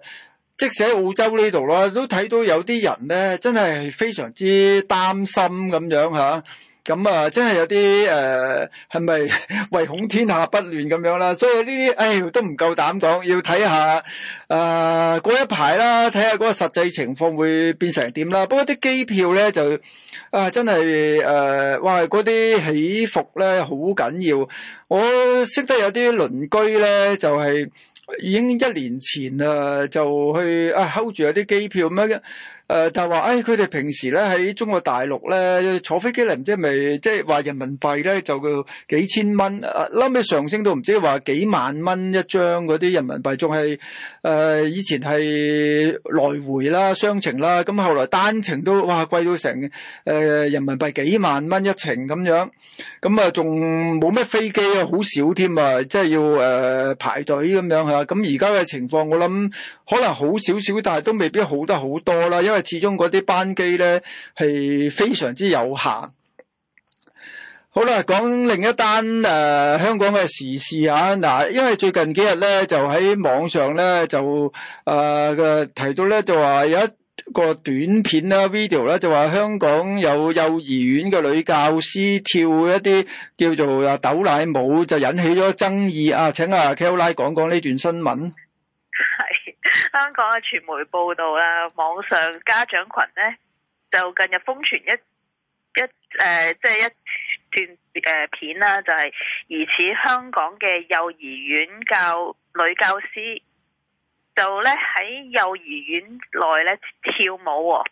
即使喺澳洲呢度啦，都睇到有啲人咧，真係非常之擔心咁樣嚇，咁啊真係有啲誒，係咪唯恐天下不亂咁樣啦？所以呢啲誒都唔夠膽講，要睇下啊過一排啦，睇下嗰個實際情況會變成點啦。不過啲機票咧就啊真係誒、呃，哇嗰啲起伏咧好緊要。我識得有啲鄰居咧就係、是。已經一年前啊，就去啊 hold 住一啲機票咁樣嘅。誒、呃，但係話，誒、哎，佢哋平時咧喺中國大陸咧坐飛機嚟，唔知係咪即係話人民幣咧就幾千蚊，啊，冇尾上升到唔知話幾萬蚊一張啲人民幣，仲係誒以前係來回啦、雙程啦，咁、嗯、後來單程都哇貴到成誒、呃、人民幣幾萬蚊一程咁樣，咁啊仲冇咩飛機啊，好少添啊，即、就、係、是、要誒、呃、排隊咁樣吓，咁而家嘅情況，我諗可能好少少，但係都未必好得好多啦，因為。始終嗰啲班機咧，係非常之有限。好啦，講另一單誒、呃、香港嘅時事吓嗱、啊，因為最近幾日咧，就喺網上咧就誒、呃、提到咧就話有一個短片啦 video 咧就話香港有幼兒園嘅女教師跳一啲叫做啊抖奶舞，就引起咗爭議啊。請阿、啊、Kyla 講講呢段新聞。香港嘅傳媒報道啦，網上家長群呢，就近日瘋傳一一誒，即、呃、係、就是、一段誒片啦，就係、是、疑似香港嘅幼兒園教女教師就呢喺幼兒園內呢跳舞，哦，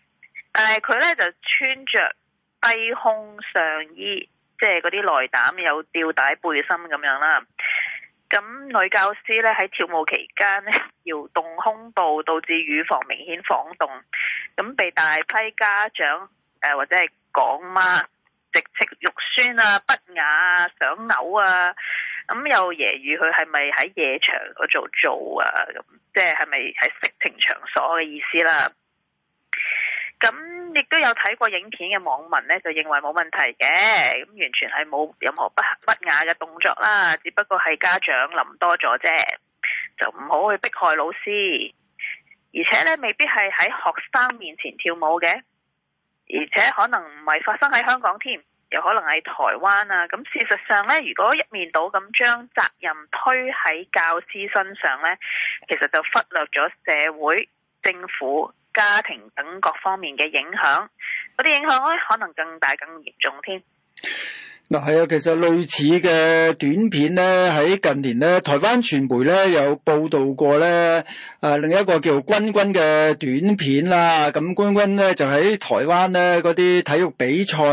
但係佢呢就穿着低胸上衣，即係嗰啲內膽有吊帶背心咁樣啦。咁女教師咧喺跳舞期間咧搖動胸部，導致乳房明顯晃動，咁被大批家長誒、呃、或者係港媽直斥肉酸啊、不雅啊、想嘔啊，咁又揶揄佢係咪喺夜場嗰度做啊，咁即係係咪喺色情場所嘅意思啦？咁亦都有睇過影片嘅網民呢，就認為冇問題嘅，咁完全係冇任何不不雅嘅動作啦，只不過係家長諗多咗啫，就唔好去迫害老師，而且呢，未必係喺學生面前跳舞嘅，而且可能唔係發生喺香港添，又可能係台灣啊。咁事實上呢，如果一面倒咁將責任推喺教師身上呢，其實就忽略咗社會政府、家庭等各方面嘅影響，嗰啲影響咧可能更大、更嚴重添。嗱，係啊、嗯，其實類似嘅短片咧，喺近年咧，台灣傳媒咧有報道過咧，誒、呃，另一個叫軍軍嘅短片啦，咁軍軍咧就喺台灣咧啲體育比賽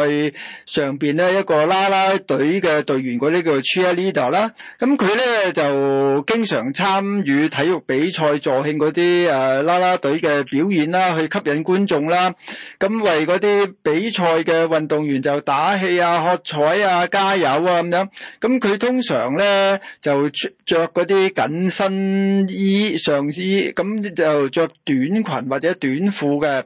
上邊咧，一個啦啦隊嘅隊員啲叫 cheerleader 啦，咁佢咧就經常參與體育比賽助興啲誒、呃、啦啦隊嘅表演啦，去吸引觀眾啦，咁、嗯、為啲比賽嘅運動員就打氣啊、喝彩、啊加油啊咁樣，咁佢通常咧就着嗰啲緊身衣上衣，咁就着短裙或者短褲嘅。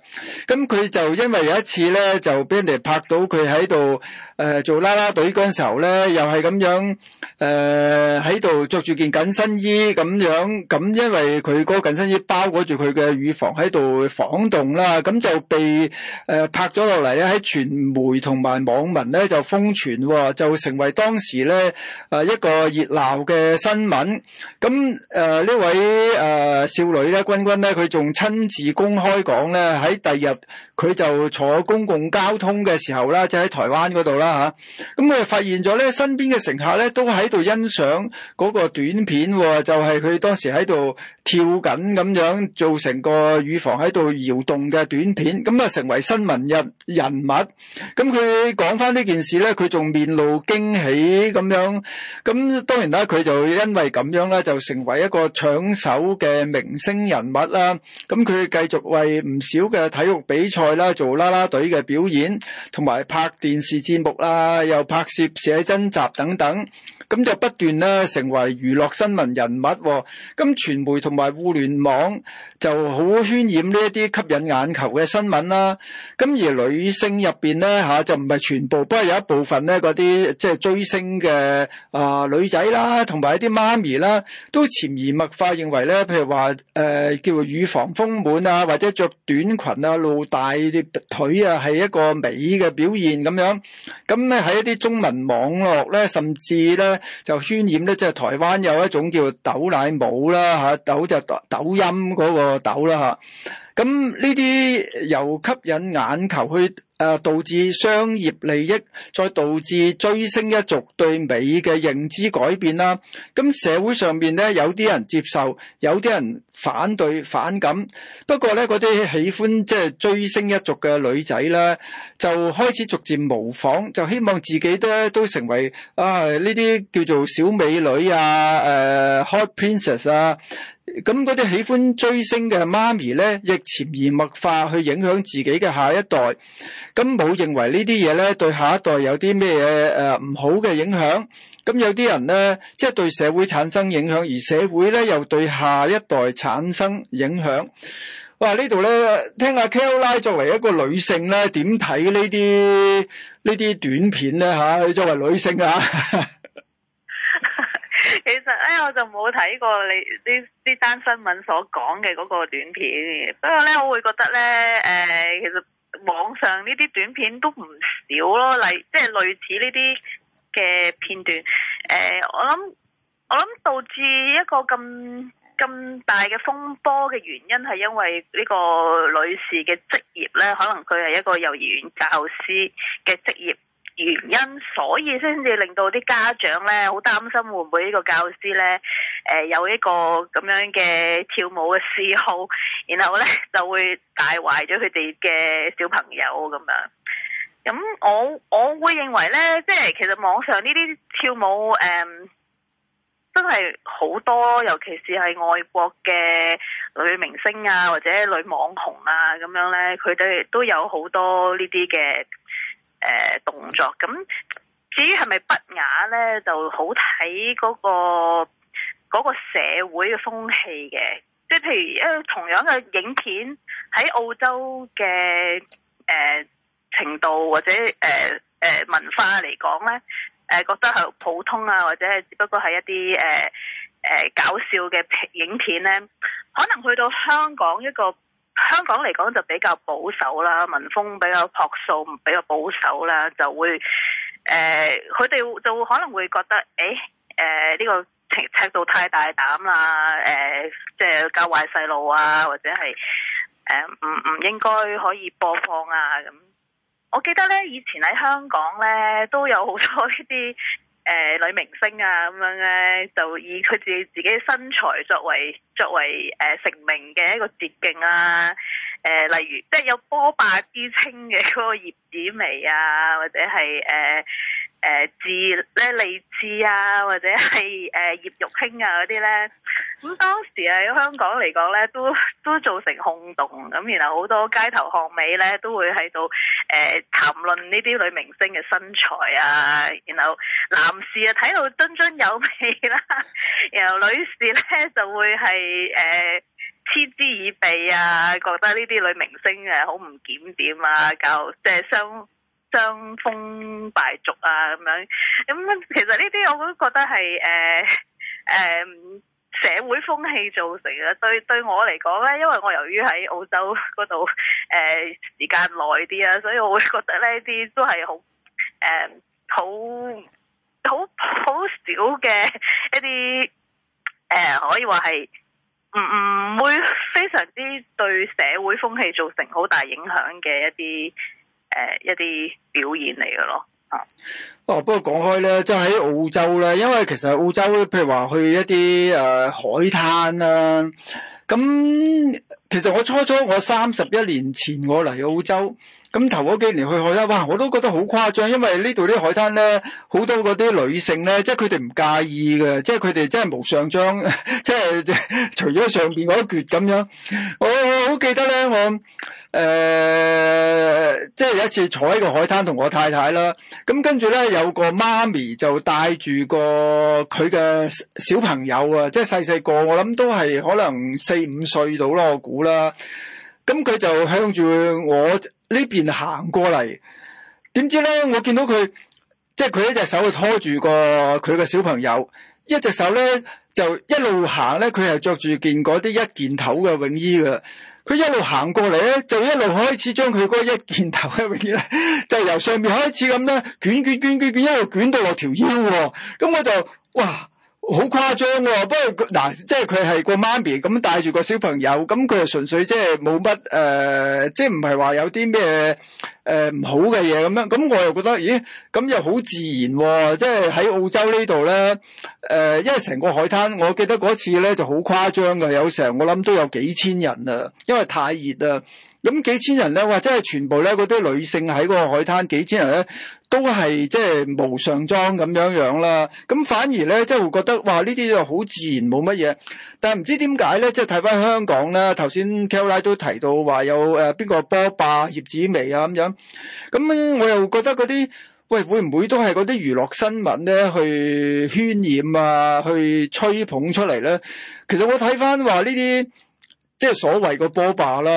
咁佢就因為有一次咧，就俾人哋拍到佢喺度誒做啦啦隊嗰陣時候咧，又係咁樣誒喺度着住件緊身衣咁樣，咁因為佢嗰個緊身衣包裹住佢嘅乳房喺度晃動啦，咁就被誒拍咗落嚟咧喺傳媒同埋網民咧就瘋傳。就成為當時咧誒一個熱鬧嘅新聞。咁誒呢位誒、呃、少女咧，君君咧，佢仲親自公開講咧，喺第日佢就坐公共交通嘅時候啦，就喺台灣嗰度啦吓。咁、啊、佢發現咗咧，身邊嘅乘客咧都喺度欣賞嗰個短片，啊、就係、是、佢當時喺度跳緊咁樣，做成個乳房喺度搖動嘅短片。咁啊，成為新聞人人物。咁佢講翻呢件事咧，佢仲。面露驚喜咁樣，咁當然啦，佢就因為咁樣咧，就成為一個搶手嘅明星人物啦。咁佢繼續為唔少嘅體育比賽啦做啦啦隊嘅表演，同埋拍電視節目啦，又拍攝寫真集等等，咁就不斷咧成為娛樂新聞人物。咁傳媒同埋互聯網就好渲染呢一啲吸引眼球嘅新聞啦。咁而女星入邊咧，嚇就唔係全部，不過有一部分咧個。一啲即係追星嘅啊、呃、女仔啦，同埋一啲媽咪啦，都潛移默化認為咧，譬如話誒、呃、叫做乳房豐滿啊，或者着短裙啊，露大啲腿啊，係一個美嘅表現咁樣。咁咧喺一啲中文網絡咧，甚至咧就渲染咧，即係台灣有一種叫抖奶舞啦嚇，抖就抖音嗰個抖啦嚇。咁呢啲由吸引眼球，去誒，導致商業利益，再導致追星一族對美嘅認知改變啦。咁社會上面咧有啲人接受，有啲人反對反感。不過咧，嗰啲喜歡即係追星一族嘅女仔咧，就開始逐漸模仿，就希望自己咧都成為啊呢啲叫做小美女啊，誒、啊、hot princess 啊。咁嗰啲喜歡追星嘅媽咪咧，亦潛移默化去影響自己嘅下一代。咁冇認為呢啲嘢咧，對下一代有啲咩誒唔好嘅影響？咁有啲人咧，即係對社會產生影響，而社會咧又對下一代產生影響。哇！呢度咧，聽下 Kella 作為一個女性咧，點睇呢啲呢啲短片咧吓，佢、啊、作為女性啊！ 其實咧，我就冇睇過你呢呢單新聞所講嘅嗰個短片。不過咧，我會覺得咧，誒、呃，其實網上呢啲短片都唔少咯，例即係類似呢啲嘅片段。誒、呃，我諗我諗導致一個咁咁大嘅風波嘅原因，係因為呢個女士嘅職業咧，可能佢係一個幼兒園教師嘅職業。原因，所以先至令到啲家長咧好擔心，會唔會呢個教師咧，誒、呃、有一個咁樣嘅跳舞嘅嗜好，然後咧就會帶壞咗佢哋嘅小朋友咁樣，咁、嗯、我我會認為咧，即係其實網上呢啲跳舞誒真係好多，尤其是係外國嘅女明星啊，或者女網紅啊咁樣咧，佢哋都有好多呢啲嘅。誒、呃，動作咁，至於係咪不雅呢？就好睇嗰、那個嗰、那個社會嘅風氣嘅。即係譬如，因、呃、同樣嘅影片喺澳洲嘅誒、呃、程度或者誒誒文化嚟講呢，誒覺得係普通啊，或者係、呃呃、只不過係一啲誒誒搞笑嘅影片呢，可能去到香港一個。香港嚟講就比較保守啦，民風比較樸素，比較保守啦，就會誒，佢、呃、哋就會可能會覺得，誒誒呢個尺度太大膽啦，誒、呃、即係教壞細路啊，或者係誒唔唔應該可以播放啊咁。我記得咧，以前喺香港咧都有好多呢啲。誒、呃、女明星啊，咁樣咧、啊、就以佢自己自己身材作為作為誒、呃、成名嘅一個捷徑啊，誒、呃、例如即係有波霸之稱嘅嗰個葉子楣啊，或者係誒誒智咧李智啊，或者係誒、呃、葉玉卿啊嗰啲咧。咁當時喺香港嚟講咧，都都造成轟動咁，然後好多街頭巷尾咧都會喺度誒談論呢啲女明星嘅身材啊，然後男士啊睇到津津有味啦，然後女士咧就會係誒嗤之以鼻啊，覺得呢啲女明星誒好唔檢點啊，搞即係傷傷風敗俗啊咁樣。咁其實呢啲我都覺得係誒誒。社會風氣造成嘅。對，對我嚟講咧，因為我由於喺澳洲嗰度誒時間耐啲啊，所以我會覺得呢啲都係好誒好好好少嘅一啲誒、呃、可以話係唔唔會非常之對社會風氣造成好大影響嘅一啲誒、呃、一啲表現嚟嘅咯。啊！哦，不過講開咧，即係喺澳洲咧，因為其實澳洲譬如話去一啲誒、呃、海灘啦、啊，咁其實我初初我三十一年前我嚟澳洲，咁頭嗰幾年去海灘，哇！我都覺得好誇張，因為呢度啲海灘咧，好多嗰啲女性咧，即係佢哋唔介意嘅。即係佢哋真係無上裝 即係除咗上邊嗰一撅咁樣，我好記得咧我。誒、呃，即係有一次坐喺個海灘同我太太啦，咁跟住咧有個媽咪就帶住個佢嘅小朋友啊，即係細細個，我諗都係可能四五歲到啦，我估啦。咁佢就向住我呢邊行過嚟，點知咧我見到佢，即係佢一隻手就拖住個佢嘅小朋友，一隻手咧就一路行咧，佢係着住件嗰啲一件頭嘅泳衣嘅。佢一路行過嚟咧，就一路開始將佢個一件頭嘅嘢咧， 就由上面開始咁咧，卷，卷卷卷卷卷，一路捲到落條腰咁、嗯、我就哇！好誇張喎、哦，不過嗱、啊，即係佢係個媽咪咁帶住個小朋友，咁佢又純粹即係冇乜誒，即係唔係話有啲咩誒唔好嘅嘢咁樣，咁我又覺得，咦，咁又好自然喎、哦，即係喺澳洲呢度咧，誒、呃，因為成個海灘，我記得嗰次咧就好誇張㗎，有時候我諗都有幾千人啦，因為太熱啦。咁幾千人咧，或者係全部咧，嗰啲女性喺嗰個海灘，幾千人咧都係即係無上裝咁樣樣啦。咁反而咧，即係會覺得哇，呢啲就好自然，冇乜嘢。但係唔知點解咧，即係睇翻香港咧，頭先 Kelvin 都提到話有誒邊、呃、個波霸 b 葉子薇啊咁樣樣。咁我又覺得嗰啲喂會唔會都係嗰啲娛樂新聞咧去渲染啊，去吹捧出嚟咧？其實我睇翻話呢啲。即係所謂個波霸啦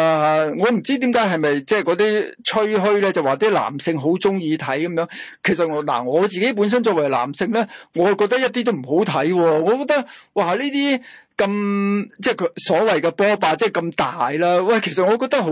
吓，我唔知點解係咪即係嗰啲吹噓咧，就話啲男性好中意睇咁樣。其實我嗱我自己本身作為男性咧，哦，我覺得一啲都唔好睇。我覺得哇呢啲咁即係佢所謂嘅波霸，即係咁大啦。喂，其實我覺得好。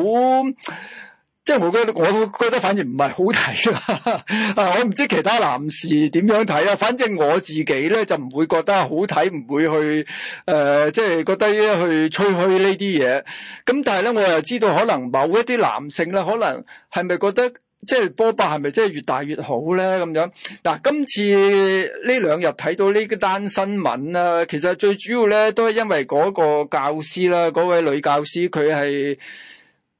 即係我覺得，我覺得反而唔係好睇 啊。我唔知其他男士點樣睇啊，反正我自己咧就唔會覺得好睇，唔會去誒，即、呃、係、就是、覺得去吹噓、嗯、呢啲嘢。咁但係咧，我又知道可能某一啲男性咧，可能係咪覺得即係、就是、波霸係咪真係越大越好咧？咁樣嗱、啊，今次呢兩日睇到呢單新聞啦、啊，其實最主要咧都係因為嗰個教師啦，嗰位女教師佢係。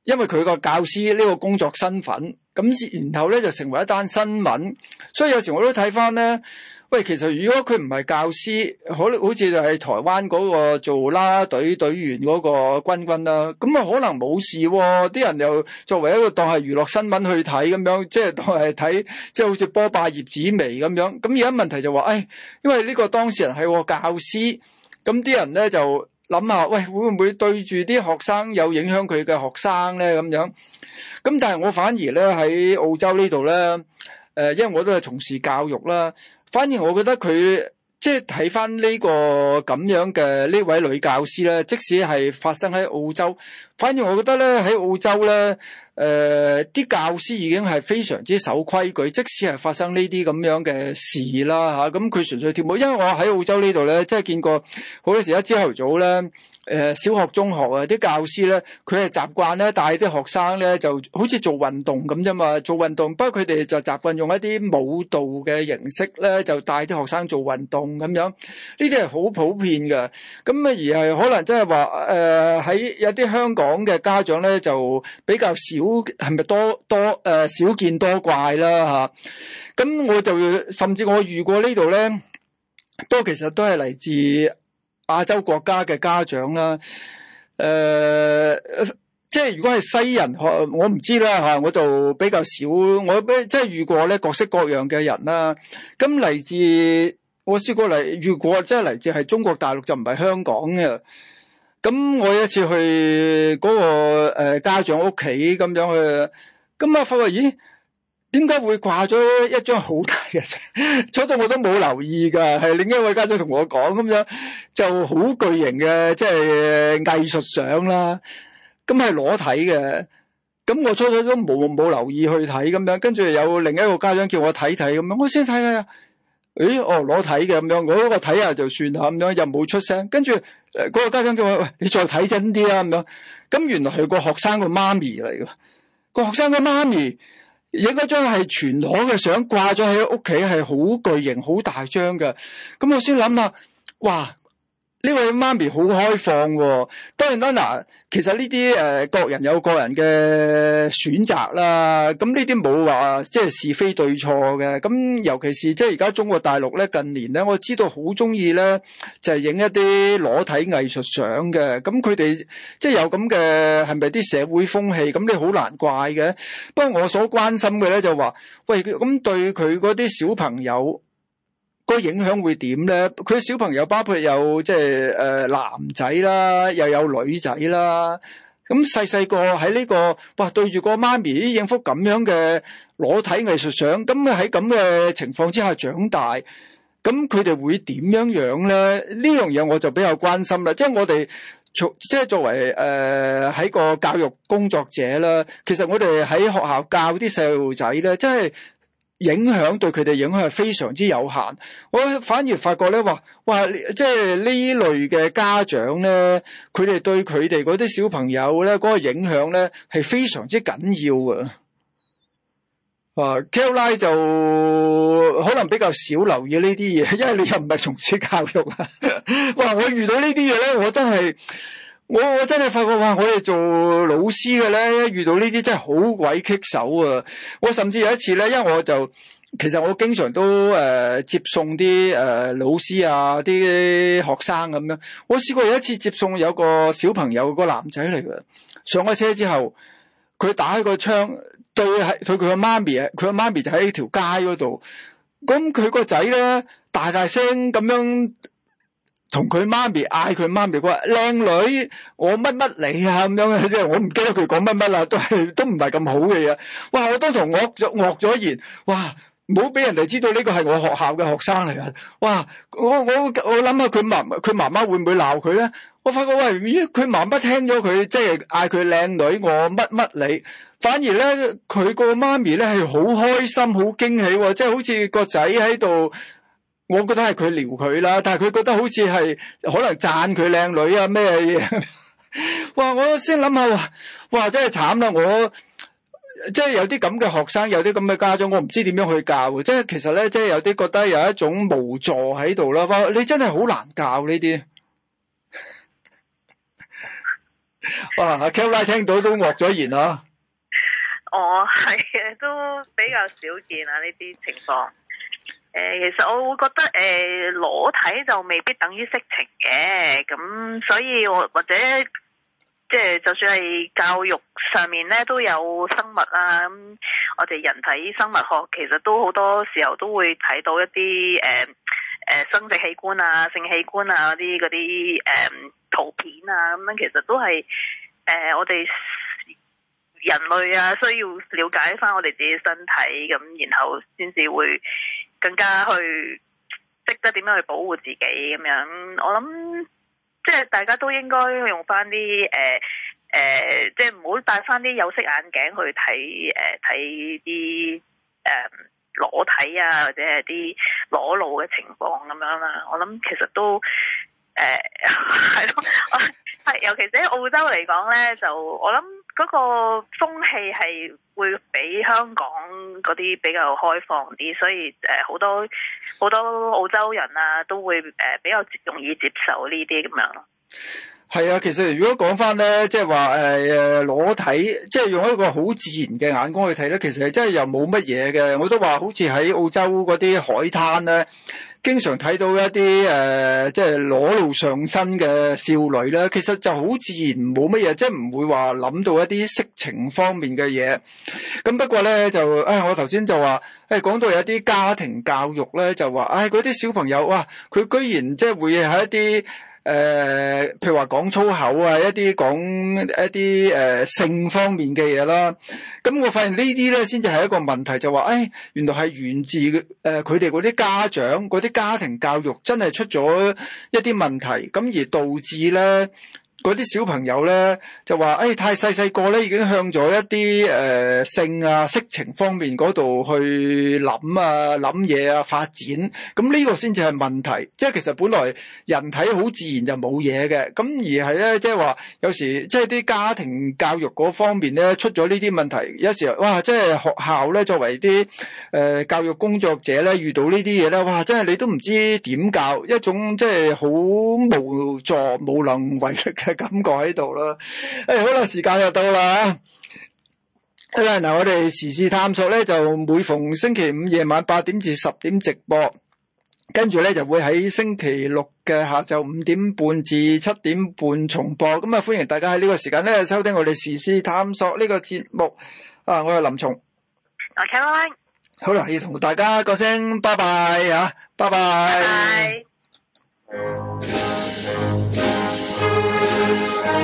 因為佢個教師呢個工作身份，咁然後咧就成為一單新聞，所以有時我都睇翻咧，喂，其實如果佢唔係教師，好好似就係台灣嗰個做啦隊隊員嗰個君君啦，咁、嗯、啊可能冇事、哦，啲人又作為一個當係娛樂新聞去睇咁樣，即係當係睇，即係好似波霸葉子楣咁樣，咁而家問題就話、是，誒、哎，因為呢個當事人係個教師，咁、嗯、啲人咧就。諗下，喂，會唔會對住啲學生有影響，佢嘅學生咧咁樣？咁但係我反而咧喺澳洲呢度咧，誒、呃，因為我都係從事教育啦。反而我覺得佢即係睇返呢個咁樣嘅呢位女教師咧，即使係發生喺澳洲，反而我覺得咧喺澳洲咧。誒啲、呃、教師已經係非常之守規矩，即使係發生呢啲咁樣嘅事啦嚇，咁佢純粹跳舞，因為我喺澳洲呢度咧，即係見過好多時一朝頭早咧。誒、呃、小學、中學啊，啲教師咧，佢係習慣咧帶啲學生咧，就好似做運動咁啫嘛，做運動。不過佢哋就習慣用一啲舞蹈嘅形式咧，就帶啲學生做運動咁樣。呢啲係好普遍嘅。咁啊，而係可能即係話誒，喺有啲香港嘅家長咧，就比較少係咪多多誒少、呃、見多怪啦嚇。咁、啊、我就甚至我遇過呢度咧，不過其實都係嚟自，亞洲國家嘅家長啦，誒、呃，即係如果係西人，我唔知啦吓，我就比較少，我即係遇過咧各式各樣嘅人啦。咁嚟自，我試過嚟遇過，如果即係嚟自係中國大陸就唔係香港嘅。咁我有一次去嗰個誒家長屋企咁樣去，咁啊發覺咦。點解會掛咗一張好大嘅相？初初我都冇留意噶，係另一位家長同我講咁樣，就好巨型嘅，即係藝術相啦。咁係裸體嘅，咁我初初都冇冇留意去睇咁樣。跟住有另一個家長叫我睇睇咁樣，我先睇下。誒，哦，裸體嘅咁樣，我嗰個睇下就算啦，咁樣又冇出聲。跟住嗰個家長叫我，喂，你再睇真啲啦咁樣。咁原來係個學生個媽咪嚟嘅，個學生個媽咪。影嗰張係全裸嘅相掛咗喺屋企，係好巨型、好大張嘅。咁我先諗下，哇！呢位媽咪好開放喎、哦，當然啦，其實呢啲誒各人有各人嘅選擇啦，咁呢啲冇話即係是，是非對錯嘅，咁、嗯、尤其是即係而家中國大陸咧，近年咧我知道好中意咧就係、是、影一啲裸體藝術相嘅，咁佢哋即係有咁嘅係咪啲社會風氣，咁你好難怪嘅。不過我所關心嘅咧就話，喂，咁對佢嗰啲小朋友。個影響會點咧？佢小朋友包括有即係誒、呃、男仔啦，又有女仔啦。咁細細個喺呢個哇，對住個媽咪影幅咁樣嘅裸體藝術相，咁喺咁嘅情況之下長大，咁佢哋會點樣呢樣咧？呢樣嘢我就比較關心啦。即係我哋從即係作為誒喺、呃、個教育工作者啦，其實我哋喺學校教啲細路仔咧，即係。影響，影響對佢哋影響係非常之有限，我反而發覺咧，話哇，哇，即係呢類嘅家長咧，佢哋對佢哋嗰啲小朋友咧，嗰、嗰個影響咧係非常之緊要嘅。啊 Kelley 就可能比較少留意呢啲嘢，因為你又唔係從事教育啊。哇，我遇到呢啲嘢咧，我真係。我我真係發覺話，我哋做老師嘅咧，一遇到呢啲真係好鬼棘手啊！我甚至有一次咧，因為我就其實我經常都誒、呃、接送啲誒、呃、老師啊、啲學生咁樣。我試過有一次接送有個小朋友，個男仔嚟嘅，上咗車之後，佢打開個窗對係對佢個媽咪啊，佢個媽咪就喺條街嗰度。咁佢個仔咧大大聲咁樣同佢媽咪，嗌佢媽咪，佢話，靚女，我乜乜你啊，咁樣，即係我唔記得佢講乜乜啦，都係都唔係咁好嘅嘢。哇！我都同我咗惡咗言，哇！唔好俾人哋知道呢個係我學校嘅學生嚟噶。哇！我我我諗下佢媽佢媽媽會唔會鬧佢咧？我發覺喂，咦，佢媽媽聽咗佢即係嗌佢靚女，我乜乜你，反而咧佢個媽咪咧係好開心，好驚喜，即係好似個仔喺度。我覺得係佢撩佢啦，但係佢覺得好似係可能讚佢靚女啊咩嘢？ 哇！我先諗下，哇！真係慘啦！我即係有啲咁嘅學生，有啲咁嘅家長，我唔知點樣去教。即係其實咧，即係有啲覺得有一種無助喺度啦。哇！你真係好難教呢啲。 哇！阿 Kel、 啊、拉聽到都惡咗言啦、啊。 哦，係嘅，都比較少見啊呢啲情況。誒、呃，其實我會覺得誒、呃、裸體就未必等於色情嘅，咁、嗯、所以我或者即係、就是、就算係教育上面咧都有生物啊。咁我哋人體生物學其實都好多時候都會睇到一啲誒誒生殖器官啊、性器官啊嗰啲嗰啲誒圖片啊，咁、嗯、咁樣其實都係誒、呃、我哋人類啊需要了解翻我哋自己身體咁，然後先至會。更加去識得點樣去保護自己咁樣，我諗即係大家都應該用翻啲誒誒，即係唔好戴翻啲有色眼鏡去睇誒睇啲誒裸體啊或者係啲裸露嘅情況咁樣啦。我諗其實都誒係咯，我，係尤其是喺澳洲嚟講咧，就我諗。嗰個風氣係會比香港嗰啲比較開放啲，所以誒好、呃、多好多澳洲人啊都會誒、呃、比較容易接受呢啲咁樣咯。係啊，其實如果講翻咧，即係話誒誒裸體，即係用一個好自然嘅眼光去睇咧，其實真係又冇乜嘢嘅。我都話好似喺澳洲嗰啲海灘咧，經常睇到一啲誒、呃、即係裸露上身嘅少女咧，其實就好自然冇乜嘢，即係唔會話諗到一啲色情方面嘅嘢。咁不過咧就誒、哎，我頭先就話誒、哎、講到有啲家庭教育咧，就話誒嗰啲小朋友哇、啊，佢居然即係會喺一啲。誒、呃，譬如話講粗口啊，一啲講一啲誒、呃、性方面嘅嘢啦，咁、嗯、我發現呢啲咧先至係一個問題，就話，誒、哎，原來係源自誒佢哋嗰啲家長嗰啲家庭教育真係出咗一啲問題，咁、嗯、而導致咧。嗰啲小朋友咧就話，誒、哎、太細細個咧，已經向咗一啲誒、呃、性啊、色情方面度去諗啊、諗嘢啊、發展，咁呢個先至係問題。即係其實本來人體好自然就冇嘢嘅，咁而係咧即係話有時即係啲家庭教育方面咧出咗呢啲問題，有時候哇，即係學校咧作為啲誒、呃、教育工作者咧遇到呢啲嘢咧，哇，真係你都唔知點教，一種即係好無助、無能為力嘅。感覺喺度啦，誒好啦，時間又到啦嚇、啊，誒、哎、嗱，我哋時事探索咧就每逢星期五夜晚八點至十點直播，跟住咧就會喺星期六嘅下晝五點半至七點半重播，咁、嗯、啊歡迎大家喺呢個時間咧收聽我哋時事探索呢個節目，啊，我係林松，OK，好啦，要同大家講聲拜拜啊，拜拜。Bye bye.